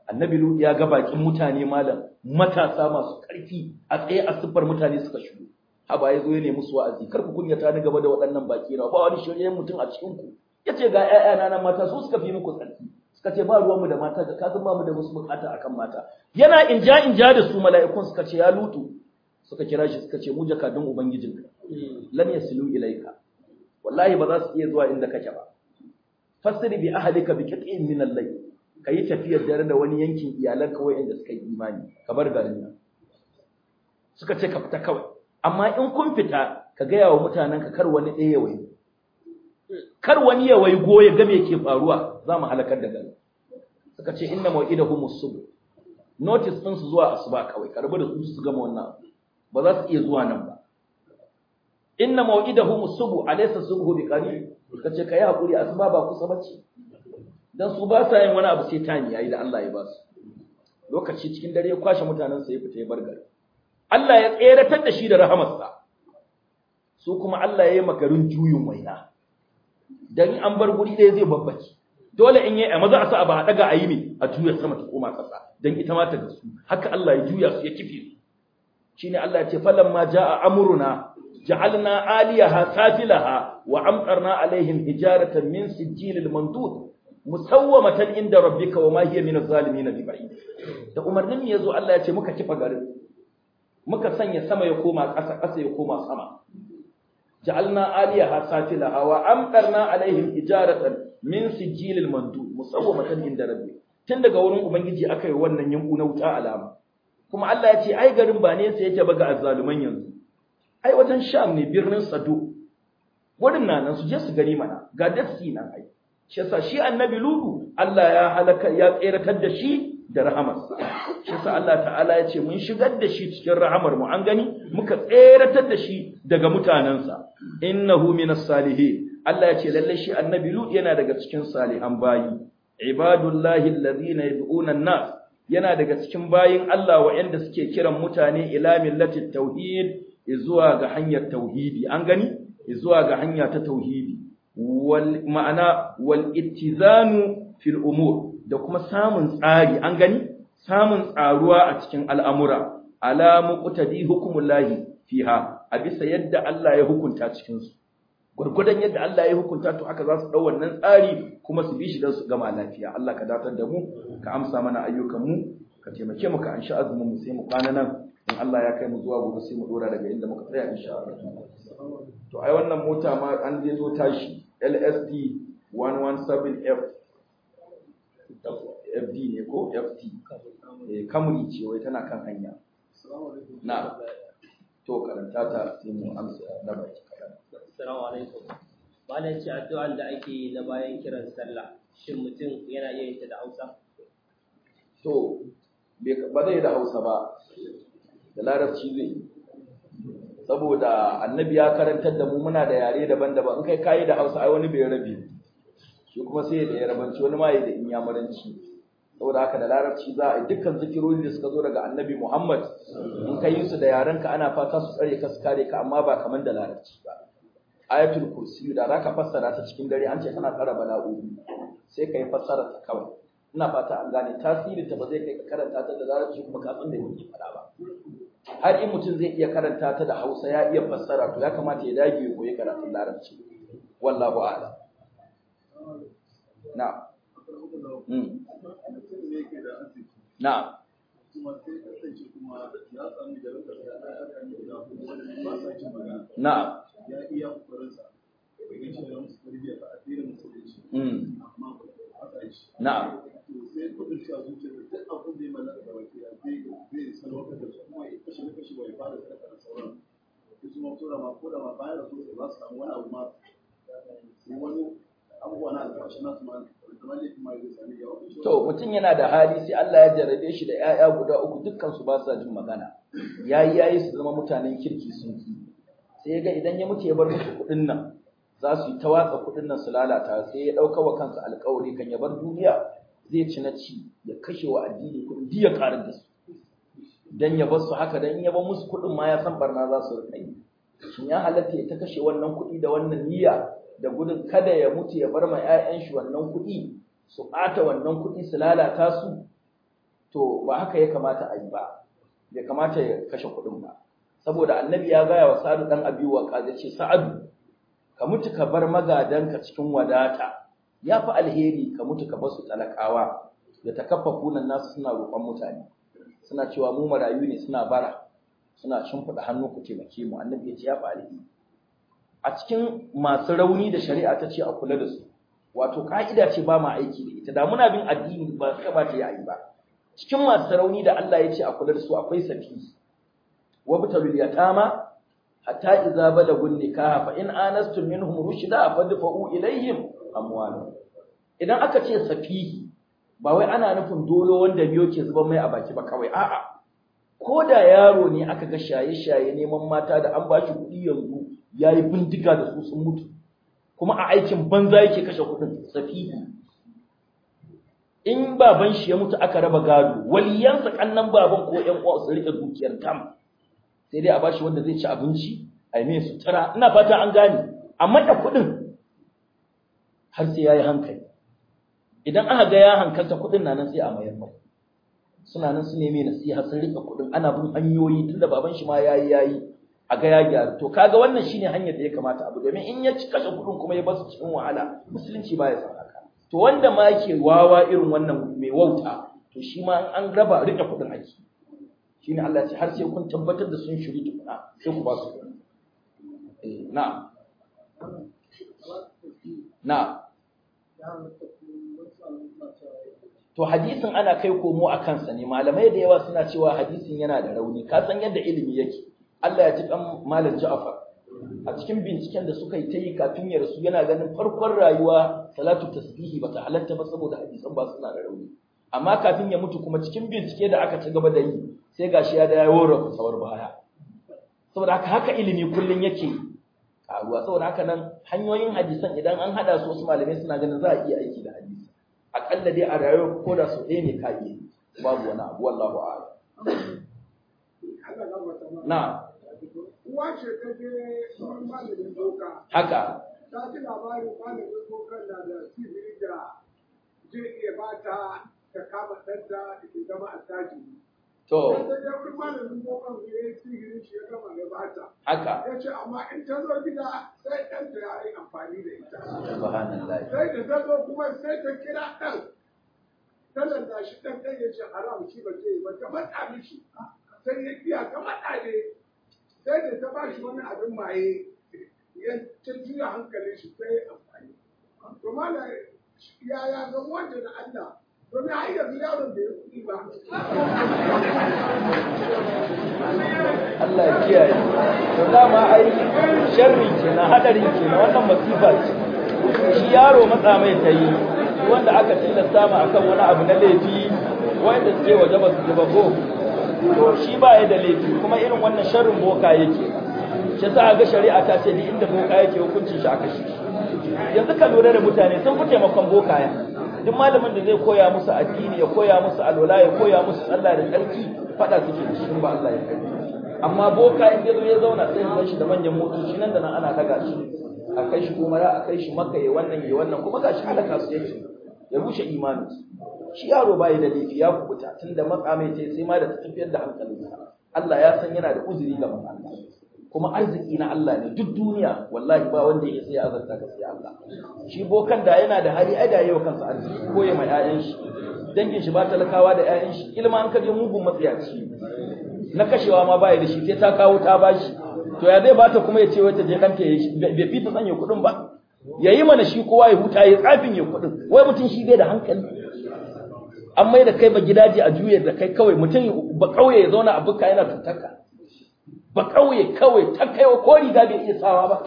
annabi luda ya ga bakin mutane malam matasa masu karfi a tsaye a siffar mutane suka shigo haba ya zo ya nemi su wa'azi kar ku ta ni gaba da waɗannan baki na ba wani shirye mutum a cikin ku yace ga ƴaƴana nan mata su suka fi muku tsarki suka ce ba ruwanmu da mata da kasan ba mu da wasu bukata akan mata yana inja inja da su mala'ikun suka ce ya lutu suka kira shi suka ce mu jakadun ubangijinka lam yasilu ilaika wallahi ba za su iya zuwa inda kake ba fasiri bi ahlika bi qit'in min al-layl kai tafiyar dare da wani yankin iyalan iyalanka wayanda suka yi imani ka bar garin nan suka ce ka fita kawai amma in kun fita ka gaya wa mutanenka kar wani ɗaya ya kar wani ya goye ya ga me ke faruwa za mu halakar da gari suka ce inna mau'idahum as-subh notice din su zuwa asuba kawai karbu da su su gama wannan ba za su iya zuwa nan ba inna mau'idahum a subh su gobe ƙari. suka ce ka yi hakuri asuba ba kusa bace don su ba sa yin wani abu sai ya yi da Allah ya ba su lokaci cikin dare ya kwashe mutanen sa ya fita ya bar gari Allah ya tseratar da shi da rahamarsa su kuma Allah ya yi makarin juyin waina dan an bar guri ɗaya zai babbace dole in yayi a maza a sa ba a daga a yi ne a juya sama ta koma ƙasa dan ita ma ta gasu haka Allah ya juya su ya kife su shine Allah ya ce falamma jaa amruna ja'alna aliyaha ha, wa amtarna alaihim hijaratan min sijilil mandud musawwamatan inda rabbika wa ma hiya min az-zalimin biba'id da umarnin ya zo Allah ya ce muka kifa garin muka sanya sama ya koma ƙasa ƙasa ya koma sama ja'alna aliyaha ha, wa amtarna alaihim hijaratan min sijilil mandu musawwamatan inda rabbi tun daga wurin ubangiji aka yi wannan yanku na wuta alama kuma Allah ya ce ai garin ba ne sai yake ba ga azzaluman yanzu ai wajen sham ne birnin sado wurin na nan su je su gani mana ga daski na ai shi yasa shi annabi Luhu Allah ya halaka ya da shi da rahamar shi yasa Allah ta'ala ya ce mun shigar da shi cikin rahamar mu an gani muka tseratar da shi daga mutanansa innahu minas salihin Allah ya ce lallai shi annabi Lut yana daga cikin salihan bayi ibadullahi allazina yad'una an-nas yana daga cikin bayin Allah waɗanda suke kiran mutane ila millati tauhid zuwa ga hanyar tauhidi an gani zuwa ga hanya ta tauhidi wal ma'ana wal ittizanu fil umur da kuma samun tsari an gani samun tsaruwa a cikin al'amura alamu muqtadi hukumullahi fiha a bisa yadda Allah ya hukunta cikin su gurgudan yadda Allah ya hukunta to haka za su dau wannan tsari kuma su bi shi dan su gama lafiya Allah ka datar da mu ka amsa mana ayyukan mu ka taimake mu ka ansha azumin mu sai mu kwana nan in Allah ya kai mu zuwa gobe sai mu dora daga inda muka tsaya insha Allah to ai wannan mota ma an je zo tashi LSD 117F FD ne ko FT eh kamuri ce wai tana kan hanya na to karanta ta sai mu amsa na baki Assalamu alaikum. Malam ce addu'an da ake yi na bayan kiran sallah, shin mutum yana iya yin ta da Hausa? To, ba zai da Hausa ba, da Larabci zai yi. Saboda annabi ya karantar da mu muna da yare daban-daban, in kai kayi da Hausa ai wani bai rabe. Shi kuma sai da yarabanci wani ma da inyamuranci. saboda haka da larabci za a yi dukkan zikirori da suka zo daga annabi Muhammad in ka yi su da yarenka ana fata su tsare ka su kare ka amma ba kaman da larabci ba ayatul kursi da za ka fassara ta cikin dare an ce kana tsara bala'o'i sai ka yi fassara ta kawai ina fata an gane tasirinta ta ba zai kai ka karanta ta da zarar shi kuma san da yake fada ba har in mutum zai iya karanta ta da Hausa ya iya fassara to ya kamata ya dage ya koyi karatun Larabci wallahu a'lam na mm na na ya iya kokarinsa wajen shiga musu tarbiyya ta addinin musulunci hmm. amma ba ta shi na'am sai kudin shi a zuciya da duk abin da ya mallaka da baki ya zai zai salwata da su kuma ya kashe da kashe bai fara da kan sauran su kuma ko da ma ko da ma bayar da su ba su samu wani abu ma su wani abubuwa na alfashin nasu ma To mutum yana da hali sai Allah ya jarabe shi da ‘ya'ya guda uku dukkan su ba sa jin magana, yayi yi su zama mutanen kirki sun ki, sai ga idan ya mutu ya bar musu kuɗin nan za su yi ta watsa kuɗin nan su lalata sai ya ɗauka wa kansa alƙawari kan ya bar duniya zai ci na ci ya kashe wa addini kuɗin duk ya ƙarar da su dan ya bar su haka dan in ya bar musu kuɗin ma ya san barna za su rika yi shin ya halatta ya ta kashe wannan kuɗi da wannan niyya da gudun kada ya mutu ya bar ma 'ya'yan shi wannan kuɗi su ɓata wannan kuɗi su lalata su to ba haka ya kamata a yi ba ya kamata ya kashe kuɗin ba saboda annabi ya gaya wa sa'adu dan abi waqas ce sa'adu ka mutu ka bar magadanka cikin wadata ya fi alheri ka mutu ka basu talakawa da ta kafa kunan nasu suna roƙon mutane suna cewa mu marayu ne suna bara suna shimfiɗa hannu ku taimake mu annabi ya ce ya fi alheri a cikin masu rauni da shari'a ta ce a kula da su wato ka'ida ce ba ma aiki da ita da muna bin addini ba ka ba ta yi ba cikin masu rauni da Allah ya ce a kula da su akwai safi wabtalul yatama hatta idza balagun nikah fa in anastum minhum rushda fadfa'u ilaihim idan aka ce safihi ba wai ana nufin dolo wanda biyo ke zuban mai a baki ba kawai a'a ko da yaro ne aka ga shaye-shaye neman mata da an bashi kuɗi yanzu yayi bindiga da su sun mutu kuma a aikin banza yake kashe kuɗin safihi in baban shi ya mutu aka raba gado waliyansa kannan baban ko ƴan uwa su rike dukiyar tam sai dai a bashi wanda zai ci abinci a yi mai sutura ina fata an gane amma da kuɗin har sai ya yi hankali idan aka ga ya hankalta kuɗin na nan sai a mayar mai suna nan su neme nasiha sun rika kuɗin ana bin hanyoyi tun da baban shi ma yayi yayi a ga ya gyaru to kaga wannan shine hanyar da ya kamata abu domin in ya ci kashe kuɗin kuma ya basu cikin wahala musulunci ba ya san haka to wanda ma yake wawa irin wannan mai wauta to shi ma an raba rike kuɗin aiki shine Allah ya ce har sai kun tabbatar da sun shiri tukuna sai ku ba su na eh, na to hadisin ana kai komo a kansa ne malamai da yawa suna cewa hadisin yana da rauni ka san yadda ilimi yake Allah ya ji Dan malam Ja'far a cikin binciken da suka yi ta yi kafin ya rasu yana ganin farkon rayuwa salatu tasbihi bata halatta ba saboda hadisan ba suna da rauni amma kafin ya mutu kuma cikin bincike da aka ci gaba da yi sai gashi ya da yawo da kusawar baya saboda haka haka ilimi kullum yake karuwa saboda haka nan hanyoyin hadisan idan an hada su wasu malamai suna ganin za a iya aiki da hadisi akalla dai a rayuwar ko da su ɗaya ne ka iya babu wani abu wallahu a'lam na uwa ce ta je malamin doka haka ta ji labarin malamin doka na da sihiri da jirgin bata ta kama ɗanta da ke zama a tajiri To. Haka. Ya ce amma in ta zo gida sai ɗanta ya yi amfani da ita. Subhanallah. Sai da ta zo kuma sai ta kira ɗan. Talan da shi ɗan ɗan ya ce haram shi ba zai yi ba ta matsa mishi. Sai ya kiya ta matsa ne. Sai da ta ba shi wani abin maye. Ya ta juya hankalin shi sai amfani. To malam yaya zan wanda na Allah Allah kiyaye. To dama ai sharri hadari ce na wannan masifa ce. Shi yaro matsa mai ta yi wanda aka tilasta ma akan wani abu na laifi wanda suke waje ba su ji ba ko to shi ba ya da laifi kuma irin wannan sharrin boka yake shi sa ga shari'a ta ce ni inda boka yake hukuncin shi aka shi yanzu ka lura da mutane sun fi taimakon ya. duk malamin da zai koya musu addini ya koya musu alwala ya koya musu Allah da tsarki fada suke da shi ba Allah ya kai amma boka in zo ya zauna sai ya shi da manyan motoci nan da nan ana daga shi a kai shi kuma a kai shi maka ya wannan ya wannan kuma gashi halaka su yake ya rushe imani shi yaro bai da laifi ya kubuta tunda matsa mai sai ma da tafiyar da hankalinsa Allah ya san yana da uzuri ga Allah kuma arziki na Allah ne duk duniya wallahi ba wanda ya sai azarta ka sai Allah shi bokan da yana da hari, ai da yau kansa arziki ko ya mai ƴaƴan shi dangin shi ba talakawa da ƴaƴan shi ilma an kaje mugun matsiyaci na kashewa ma ya da shi sai ta kawo ta bashi to ya zai ba ta kuma ya ce wata je kanta ya shi bai fita sanya kuɗin ba yayi mana shi kowa ya huta ya tsafin ya kuɗin wai mutum shi bai da hankali an mai da kai ba gidaje a juyar da kai kawai mutum ba kauye ya zauna a bukka yana tutarka ba kauye kawai ta kaiwa ko riga bai iya sawa ba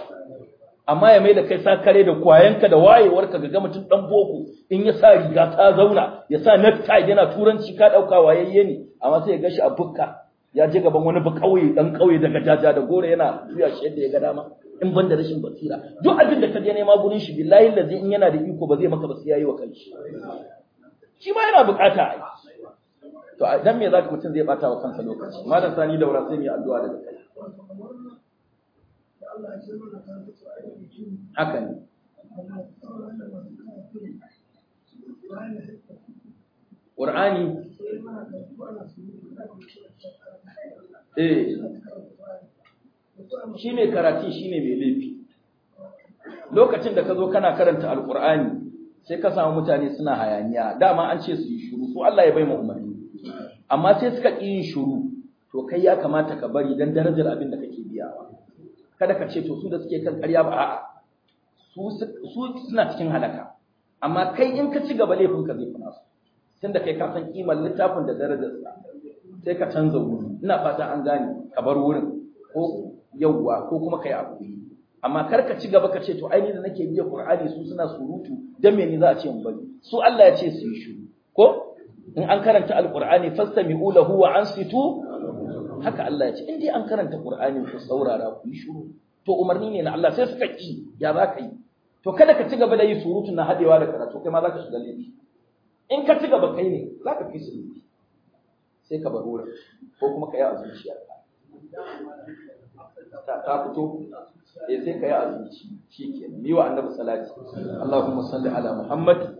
amma ya mai da kai kare da kwayanka da wayewarka ga ga mutum dan boko in ya sa riga ta zauna ya sa necktie yana turanci ka dauka wayayye ne amma sai ya gashi a bukka ya je gaban wani ba kauye dan kauye daga jaja da gore yana tuya shi yadda ya ga dama in ban da rashin basira duk abin da ka je nema gurin shi billahi lazi in yana da iko ba zai maka ba sai yayi wa kanshi shi ma yana bukata to dan me zaka mutum zai bata wa kansa lokaci malam sani daura sai mu yi addu'a da kai haka ne ƙur'ani eh shi mai karatu shi ne mai laifi lokacin da ka zo kana karanta alƙur'ani sai ka samu mutane suna hayaniya dama an ce su yi shuru su Allah ya bai ma umarni amma sai suka ƙi yin shuru to kai ya kamata ka bari dan darajar abin da kake biyawa kada ka ce to su da suke kan ƙarya ba a'a su suna cikin halaka amma kai in ka ci gaba laifin ka zai kuna su tunda kai ka san kimar littafin da darajarsa sai ka canza wuri ina fata an gane ka bar wurin ko yawwa ko kuma kai abu amma kar ka ci gaba ka ce to ai ni da nake biya Qur'ani su suna surutu dan me ne za a ce in bari su Allah ya ce su yi shiru ko in an karanta alqur'ani fastami'u lahu wa ansitu haka Allah ya ce in dai an karanta Qur'ani ku saurara ku yi shiru to umarni ne na Allah sai suka ki ya za ka yi to kada ka ci gaba da yi surutun na hadewa da karatu kai ma za ka shiga laifi in ka ci gaba kai ne za ka fi su laifi sai ka bar wurin ko kuma ka yi a zuciya ta fito eh sai ka yi a zuci shi ke yi wa annabi salati Allahumma salli ala Muhammad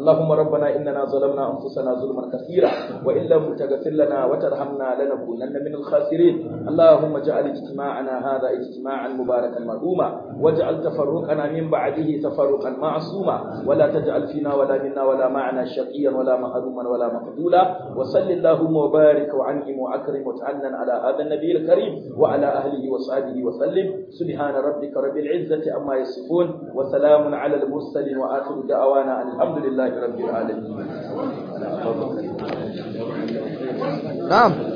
اللهم ربنا إننا ظلمنا أنفسنا ظلما كثيرا وإن لم تغفر لنا وترحمنا لنكونن من الخاسرين اللهم اجعل اجتماعنا هذا اجتماعا مباركا مرحوما واجعل تفرقنا من بعده تفرقا معصوما ولا تجعل فينا ولا منا ولا معنا شقيا ولا مهروما ولا مقبولا وصل اللهم وبارك وعنهم وأكرم وتعنن على هذا النبي الكريم وعلى أهله وصحبه وسلم سبحان ربك رب العزة أما يصفون وسلام على المرسلين وآخر دعوانا الحمد لله رب العالمين نعم